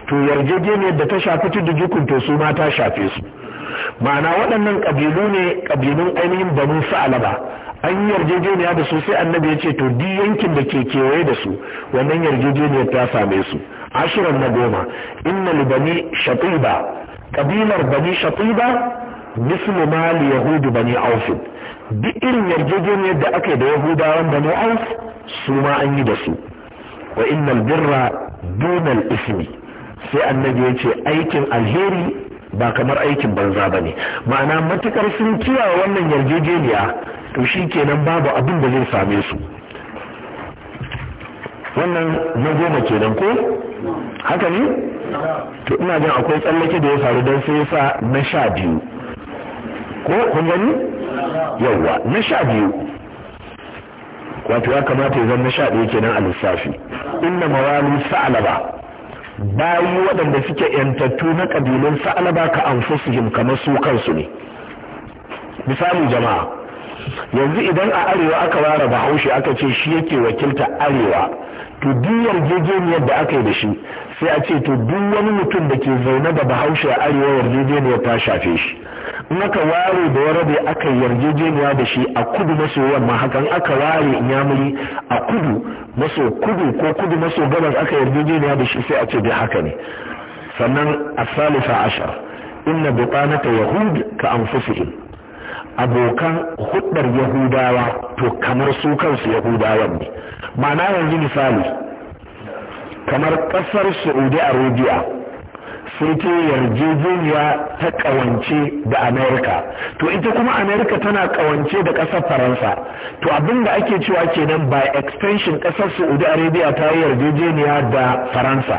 to yarjejeniyar da ta shafi tudun jikun to su ma ta shafe su ma'ana waɗannan ƙabilu ne ƙabilun ainihin banu fa'alaba an yarjejeniya da su sai annabi ya ce to duk yankin da ke kewaye da su wannan yarjejeniyar ta same su ashirin na goma inna libani shatiba ƙabilar bani shatiba mislu mali yahudu bani auf duk irin yarjejeniyar da aka yi da yahudawan bani auf su ma an yi da su wa innal birra dunal ismi sai annabi yace aikin alheri ba kamar aikin banza ba ne ma'ana matukar sun kiyaye wannan yarjejeniya to shi kenan babu abin da zai same su wannan na goma kenan ko haka ne to ina jin akwai tsallake da ya faru don sai ya sa na sha biyu ko kun gani yawa na sha biyu wato ya kamata ya zama sha ɗaya kenan a lissafi inna mawali sa'alaba bayi waɗanda suke yantattu na ƙabilun sa'alaba ka anfusihim kamar su kansu ne misali jama'a yanzu idan a arewa aka ware bahaushe aka ce shi yake wakilta arewa to duk yarjejeniyar da aka yi da shi sai a ce to duk wani mutum da ke zaune da bahaushe a arewa yarjejeniyar ta shafe shi in aka ware da warabe aka yi yarjejeniya da shi a kudu maso yamma hakan aka ware inyamuri a kudu maso kudu ko kudu maso gabas aka yarjejeniya da shi sai a ce dai haka ne sannan a salisa ashar inna ta yahud ka anfusihim abokan hudar yahudawa to kamar su kansu yahudawan ne ma'ana yanzu misali kamar kasar saudi arabia sun ce yarjejeniya ta ƙawance da amerika to ita kuma amerika tana ƙawance da ƙasar faransa to abinda ake cewa kenan by extension kasar saudi arabia ta yi yarjejeniya da faransa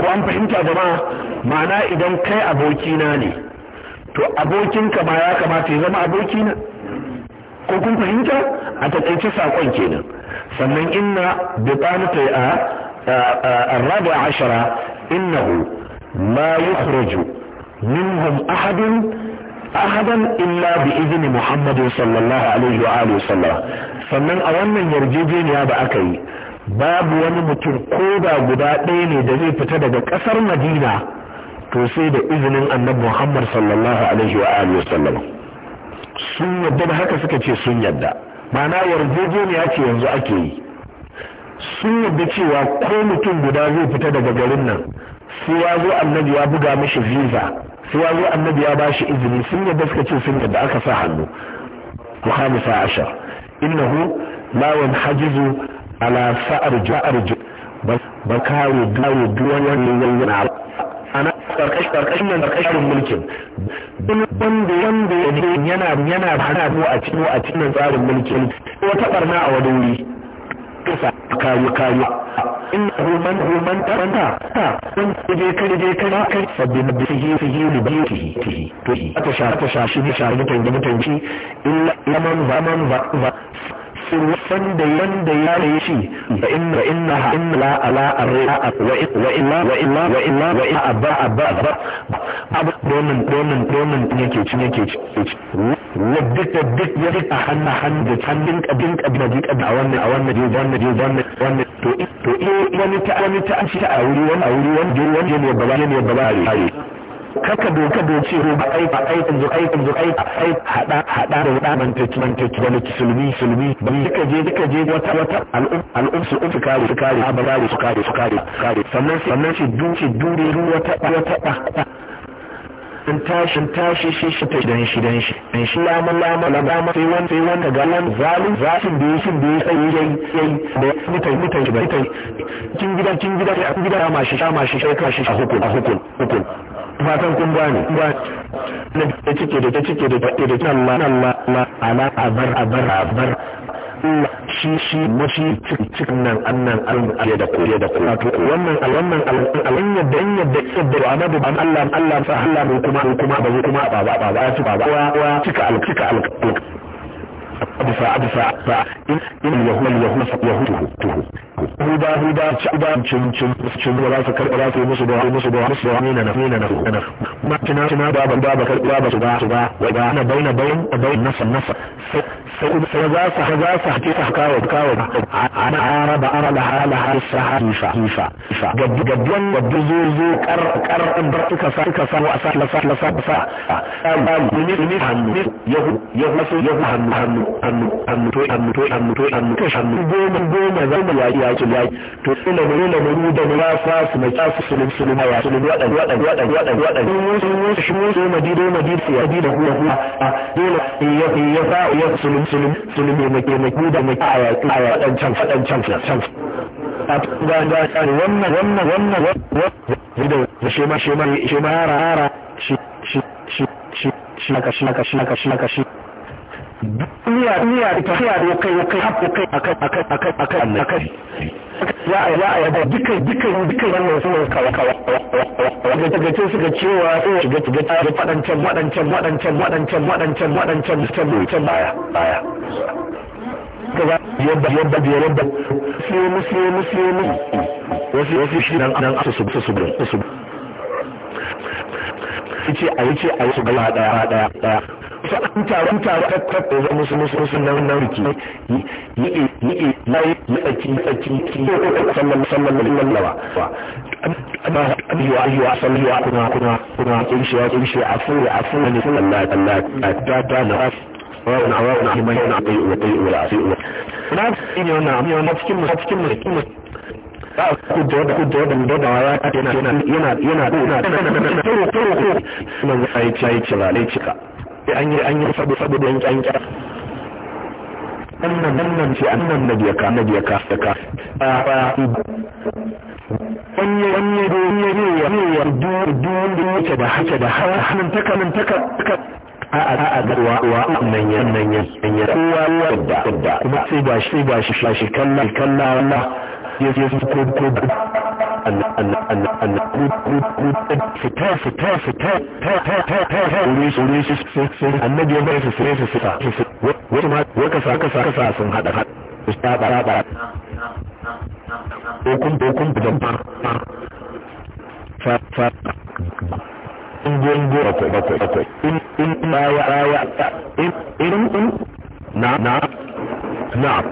ko an fahimta jama'a ma'ana idan kai abokina ne to abokinka ma ya kamata ya zama aboki na ko kun fahimta a taƙaice saƙon kenan sannan inna bi tsanata a arrabi ashara innahu la yukhraju minhum ahadin ahadan illa bi izini muhammadu sallallahu alaihi wa alihi sallam sannan a wannan yarjejeniya da aka yi babu wani mutum ko da guda ɗaya ne da zai fita daga ƙasar madina to sai da izinin annabi Muhammad sallallahu alaihi wa alihi wasallam sun yadda da haka suka ce sun yadda ma'ana yarjejeniya ce yanzu ake yi sun yadda cewa ko mutum guda zai fita daga garin nan sai ya zo annabi ya buga mishi visa sai ya zo annabi ya bashi izini sun yadda suka ce sun yadda aka sa hannu muhammad khamisa ashar innahu la yanhajizu ala sa'ar ja'ar ba kawo dawo duwan wani yana ana karkashin karkashin mulkin wanda wanda yana yana hana a cikin a cikin tsarin mulkin wata barna a wani wuri kasa kayu kayu in ruman ruman taranta ta sun je kare je kare kai sabbin bihi bihi ne bihi bihi to ta sha ta sha shi ne sha mutan da mutanci illa man zaman ba sun da yan da ya yi shi ba inna wa in wa inna wa wa inna wa inna abba abba abba abu donin donin donin ne ke ci ya duka a wannan a wannan je wannan je wani ta wani ta a wuri wani a wuri wani je wani je ne ba ba ne ba ba kaka doka doce roba aifa aifa zuƙaifa zuƙaifa da wani sulmi sulmi je je wata wata su kare su kare kare su kare su sannan shi duk dure ruwa ta ta ta in tashi tashi shi shi ta idan shi dan shi in shi lamu lamu lamu sai wani sai wani ga wani zalim zafin da yake da yake yayi yayi da mutai mutai shi ba mutai kin gida kin gida a gida ma shi ma shi sai kashi a hukun a hukun hukun fatan kun gane ba da cike da cike da da Allah da Allah da abar da abar Allah shi shi mashi cikin nan annan Allah da ko da ko to wannan wannan alwan yadda in yadda yadda Muhammadu an Allah Allah sa Allah mu kuma kuma ba kuma ba ba ba ba ci ba ba cika al cika al أدفع أدفع أدفع إن اليهود اليهود يهوده هدى هدى شعبا شن شن شن ولا ba ولا في مصبع مصبع مصبع مين أنا مين أنا أنا ما تنا تنا بابا بابا بابا سبا سبا وبا أنا بين بين بين نفس نفس سيقول وذاك حقيقة كاوب كاوب أنا عرب أرى لها لها السحة إيفا إيفا قد قد قد زور زور كر كر برتك سا كسا وأسا لسا لسا لسا مني مني هم يهو يهو سو يهو هم هم هم هم توي هم توي هم توي هم كش هم بوم بوم زوم يا يا يا تقول له له له ده ما فاس ما فاس سلم سلم يا سلم ولا ولا ولا ولا ولا شموس شموس مدير مدير في مدير هو هو دول يفا يفسلم musulmi maki da maki a yaƙi a can faɗan can can a wannan wannan wannan wannan da yara yara shi shi shi shi shi shi shi shi shi niyya niyya da tafiya da kai kai hafi kai akan akan akan akan annabi za a za a dukkan dukkan dukkan wannan sunan kawa kawa wanda daga su suka cewa in shiga shiga ta fadancan wadancan wadancan wadancan wadancan wadancan can baya baya kaza yadda yadda da yadda musulmi musulmi musulmi wasu wasu shi nan nan su su su su ce a yi ce a yi su gaba daya daya daya an taru taru ya musu musu musu nan nan riki yi yi lai yi aki aki ki Sannan sallan sallan lawa amma ayyuwa ayyuwa salliwa kuma kuma kuma kinshiwa kinshiwa afu afu ne Allah Allah ta ta na wa'un na ahimai na abai wa wa wa na ne wannan amma wannan cikin mu cikin mu cikin mu ba ku da ku da da da da ya ta yana yana yana yana yana yana yana yana yana yana yana yana yana yana yana yana sai an yi an yi sabu sabu da yanki an kira annan wannan ce annan da ya ka da ya ka ka wani wani da wani ne ya ne ya du du da yake da haka da hannun taka nan taka a a a garwa wa nan yan nan yan yan kowa da da kuma sai ba shi ba shi shi kallan kallan Allah fitar fitar fitar orishin annabi ya bari su fure na'am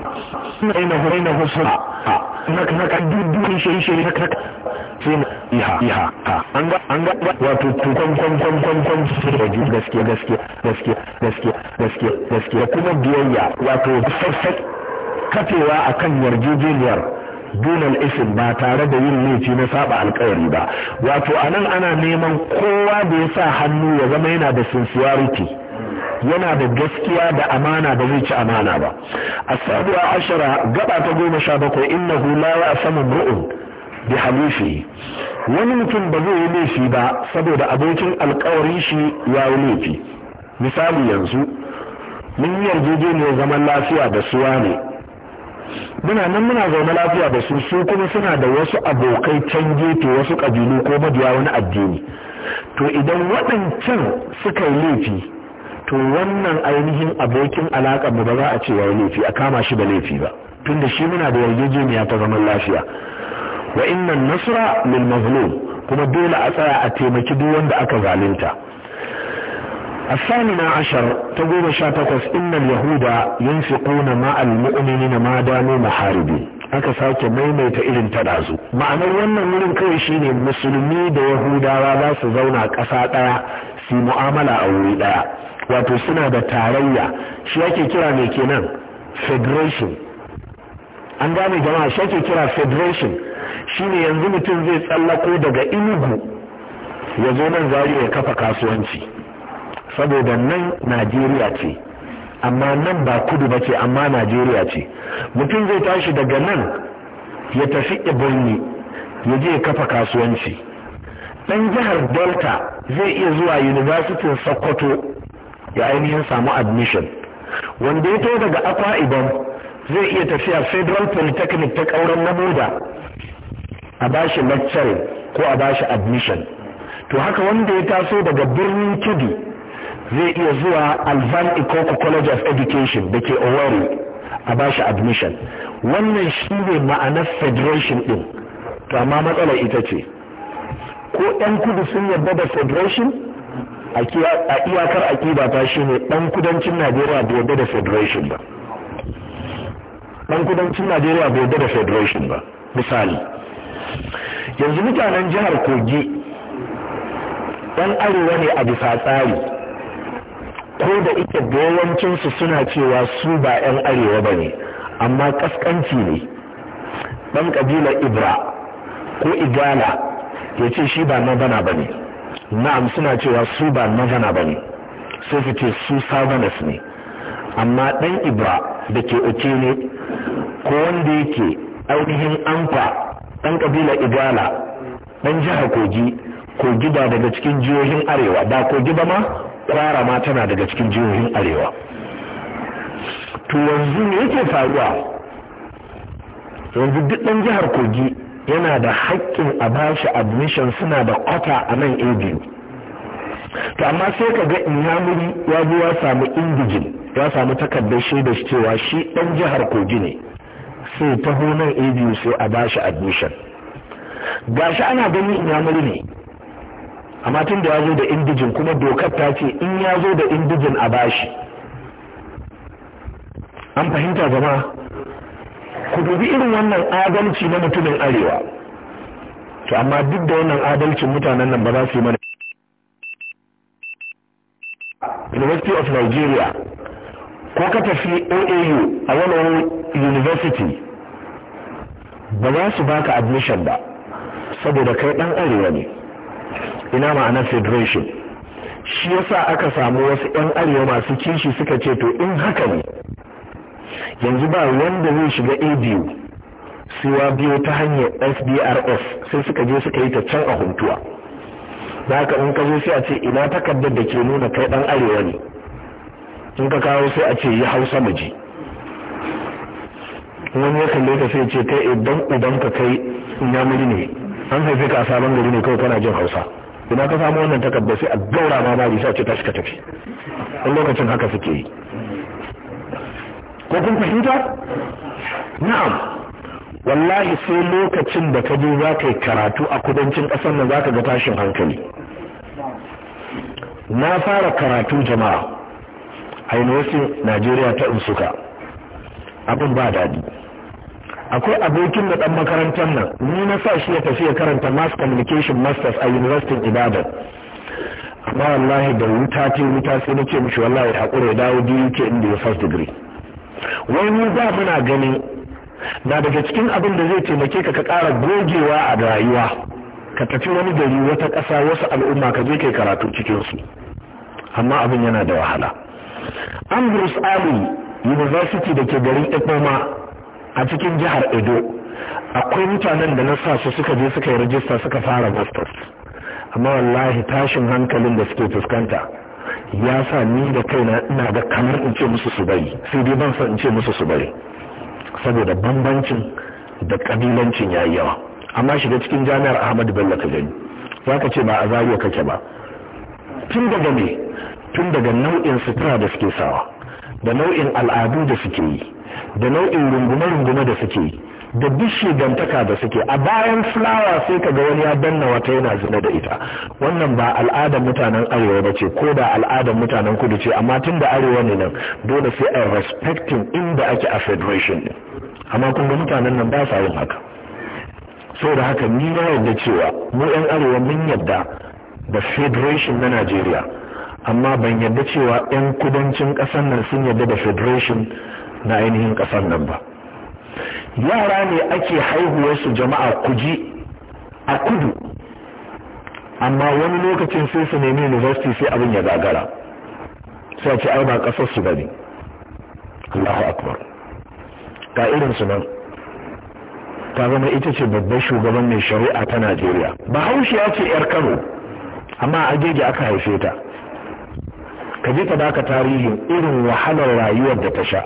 ina hurina husna nak nak dukkan shi shi nak nak sai iha iha an ga an ga wato to kon kon kon kon kon gaskiya gaskiya gaskiya gaskiya gaskiya gaskiya kuma biyayya wato sassak katewa akan yarjejeniyar dunan isin ba tare da yin laifi na saba alkawari ba wato anan ana neman kowa da ya sa hannu ya zama yana da sincerity yana da gaskiya da amana da zai ci amana ba A sabuwa ashira, gaba ta goma sha bakwai innahu la saman mru'un bi halifi wani mutum ba zai yi laifi ba saboda abokin alkawarin shi ya yi laifi misali yanzu mun yi ne zaman lafiya da suwa ne muna nan muna zaune lafiya da su su kuma suna da wasu abokai can gefe wasu ƙabilu ko mabiya wani addini to idan waɗancan suka yi laifi to wannan ainihin abokin alaƙar mu ba za a ce yayi laifi a kama shi da laifi ba tunda shi muna da yarjejeniya ta zaman lafiya wa innan nasra lil mazlum kuma dole a tsaya a taimaki duk wanda aka zalunta الثامنة عشر تقول شاتكوس إن اليهود ينفقون مع المؤمنين na داموا محاربين aka sake maimaita irin ta dazu ma'anar wannan wurin kawai shine musulmi da yahudawa za su zauna ƙasa ɗaya su mu'amala a wuri ɗaya wato suna da tarayya shi ake kira mai kenan federation an gane jama'a shi ake kira federation shine yanzu mutum zai tsallako daga inugu ya zo nan zari ya kafa kasuwanci saboda nan najeriya ce amma nan ba kudu ba ce amma najeriya ce mutum zai tashi daga nan ya tafi ibirni ya je ya kafa kasuwanci ɗan jihar delta zai iya zuwa yunivasitin sokoto ya ainihin samu admission wanda ya to daga akwa idan zai iya tafiya federal polytechnic ta kauran namuda a bashi lecture ko a bashi admission to haka wanda ya taso daga birnin kidi zai iya zuwa alvan ikoko college of education da ke owari a bashi admission wannan shi ne ma'anar federation din to amma matsalar ita ce ko 'yan kudu sun yarda da federation a iyakar aƙida ta shi ne ɗan kudancin najeriya bai yadda da federation ba ɗan kudancin najeriya bai yadda da federation ba misali yanzu mutanen jihar kogi ɗan arewa ne a bisa tsari ko da ita da yawancinsu suna cewa su ba 'yan arewa ba ne amma kaskanci ne ɗan kabilar ibra ko igala ya ce shi ba na bana ba ne na'am suna cewa su ba nazana ba ne sai su ce su savanas ne amma ɗan ibra da ke oke ne ko wanda yake ainihin amfa ɗan ƙabila igala ɗan jihar kogi kogi ba daga cikin jihohin arewa ba kogi ba ma kwara ma tana daga cikin jihohin arewa to yanzu me yake faruwa yanzu duk ɗan jihar kogi yana da haƙƙin a bashi admission suna da kwata a nan abu to amma sai ka ga inyamuri ya zo ya samu indijin ya samu takardar shaida cewa shi ɗan jihar kogi ne sai taho nan abu sai a bashi admission Ga shi ana ganin inyamuri ne amma tun da ya zo da indijin kuma dokar ta ce in ya zo da indijin a bashi an fahimta jama'a ku dubi irin wannan adalci na mutumin arewa to amma duk da wannan adalcin mutanen nan ba za su yi mana University of Nigeria ko ka tafi OAU a wannan university ba za su baka admission ba saboda kai dan arewa ne ina ma'anar federation shi yasa aka samu wasu 'yan arewa masu kishi suka ce to in haka ne yanzu ba wanda zai shiga abu siwa biyu ta hanyar sdrs sai suka je suka yi ta can a huntuwa da haka in ka zo sai a ce ina takardar da ke nuna kai dan arewa ne in ka kawo sai a ce yi hausa mu wani ya kalle ka sai ce kai idan idan ka kai nyamuri ne an haife ka a sabon gari ne kawai kana jin hausa ina ka samu wannan takardar sai a gaura ma ma sai a ce shi ka tafi in lokacin haka suke yi ko kun fahimta na'am wallahi sai lokacin da ka je za ka yi karatu a kudancin ƙasar nan za ka ga tashin hankali na fara karatu jama'a a university najeriya ta insuka abin ba daɗi akwai abokin da ɗan makarantar nan ni na sa shi ya tafi ya karanta mass communication masters a university ibadan amma wallahi da wuta ce wuta sai na ce mishi wallahi haƙura ya dawo duk inda ya first degree wai mu ba muna ganin na daga cikin abin da zai taimake ka ka ƙara gogewa a rayuwa ka tafi wani gari wata ƙasa wasu al'umma ka je kai karatu cikinsu amma abin yana da wahala andrews ali university da ke garin ekoma a cikin jihar edo akwai mutanen da na sa su suka je suka yi rajista suka fara masters amma wallahi tashin hankalin da suke fuskanta ya sa ni da kaina na ga kamar in ce musu su bari sai dai ban san in ce musu su bari saboda bambancin da kabilancin yayi yawa amma shiga cikin jami'ar Ahmadu Bello ka gani zaka ce ba a zariya kake ba tun daga me tun daga nau'in sutura da suke sawa da nau'in al'adu da suke yi da nau'in rungume-rungume da suke yi da bishi gantaka da suke a bayan fulawa sai ka ga wani ya danna wata yana zina da ita wannan ba al'adar mutanen arewa ba ce ko da al'adar mutanen kudu ce amma tun da arewa ne nan dole sai a respecting inda ake a federation ne amma kun ga mutanen nan ba sa yin haka Sau da haka ni na cewa mu yan arewa mun yadda da federation na Najeriya amma ban yadda cewa yan kudancin ƙasar nan sun yadda da federation na ainihin ƙasar nan ba yara ne ake haihuwarsu jama'a kuji a kudu amma wani lokacin sai su nemi university sai abin ya gagara sai ce ai ba kasar su bane Allahu akbar ka irin su nan ta zama ita ce babbar shugaban mai shari'a ta Najeriya Bahaushe ya ce yar Kano amma a gege aka haife ta ka je ta baka tarihin irin wahalar rayuwar da ta sha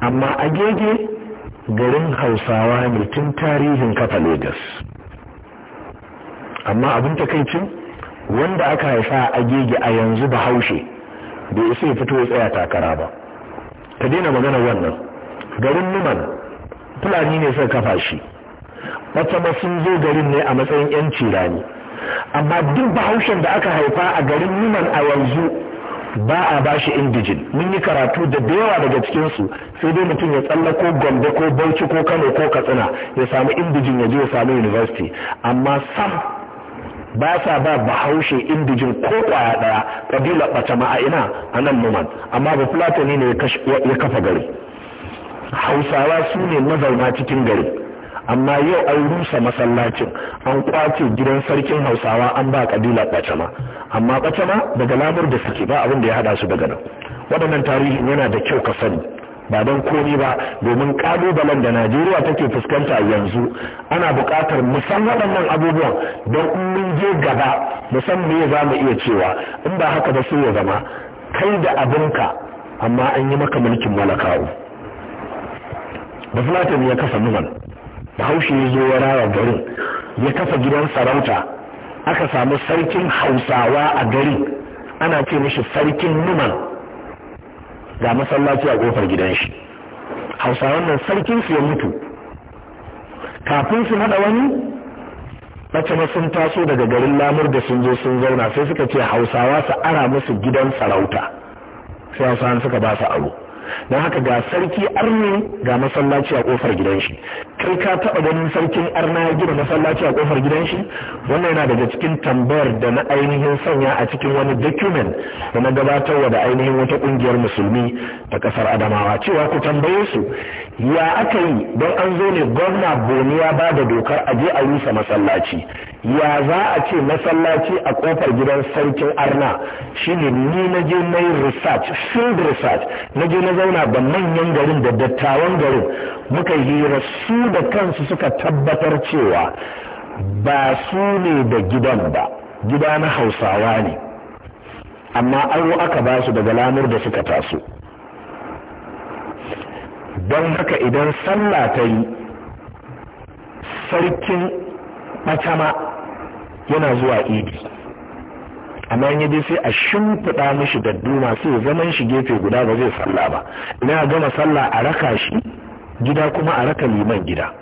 amma a gege garin hausawa ne tun tarihin kafa Legas. amma abin takaicin wanda aka haifa a gege a yanzu ba haushe bai isa ya fito ya tsaya takara ba ka daina magana wannan garin numan fulani ne suka kafa shi matama sun zo garin ne a matsayin 'yan-cirani. amma duk bahaushen da aka haifa a garin numan a yanzu ba a bashi indijin mun yi karatu da da yawa daga cikinsu sai dai mutum ya tsallako gombe ko bauchi ko kano ko katsina ya samu indijin ya je ya samu university amma sam ba sa ba bahaushe indijin ko kwaya daya kabila bata ma a ina a nan numan amma ba fulatani ne ya kafa gari hausawa su ne mazauna cikin gari amma yau an rusa masallacin an kwace gidan sarkin hausawa an ba kabila bacama amma bacama daga lamur da suke ba abinda ya hada su daga nan waɗannan tarihin yana da kyau ka sani ba don komi ba domin kalubalen da najeriya take fuskanta yanzu ana buƙatar musan waɗannan abubuwan don mun je gaba musamman me za mu iya cewa in ba haka ba sai ya zama kai da abinka amma an yi maka mulkin malakawo da fulatin ya kasa numan bahaushe ya zo ya rara garin ya kafa gidan sarauta aka samu sarkin hausawa a gari ana ce mishi sarkin numan ga masallaci a kofar gidan shi hausawan nan sarkin su ya mutu kafin su hada wani mace sun taso daga garin lamur da sun zo sun zauna sai suka ce hausawa su ara musu gidan sarauta sai hausawan suka ba su aro don haka ga sarki arne ga masallaci a kofar gidan shi kai ka taba ganin sarkin arna ya gina masallaci a kofar gidan shi wannan yana daga cikin tambayar da na ainihin sanya a cikin wani document da na gabatarwa da ainihin wata kungiyar musulmi ta kasar adamawa cewa ku tambaye su ya aka yi don an zo ne gwamna boni ya ba da dokar a a rusa masallaci ya za a ce masallaci a kofar gidan sarkin arna ne ni na je na yi research field research na je na zauna da manyan garin da dattawan garin muka hira su da kansu suka tabbatar cewa ba su ne da gidan ba gida na hausawa ne amma aro aka ba su daga lamur da suka taso don haka idan sallah ta yi sarkin matama yana zuwa idi amma yin yadda sai a shimfiɗa mishi dadduma sai zaman shi gefe guda ba zai sallah ba idan gama sallah a raka shi gida kuma a raka liman gida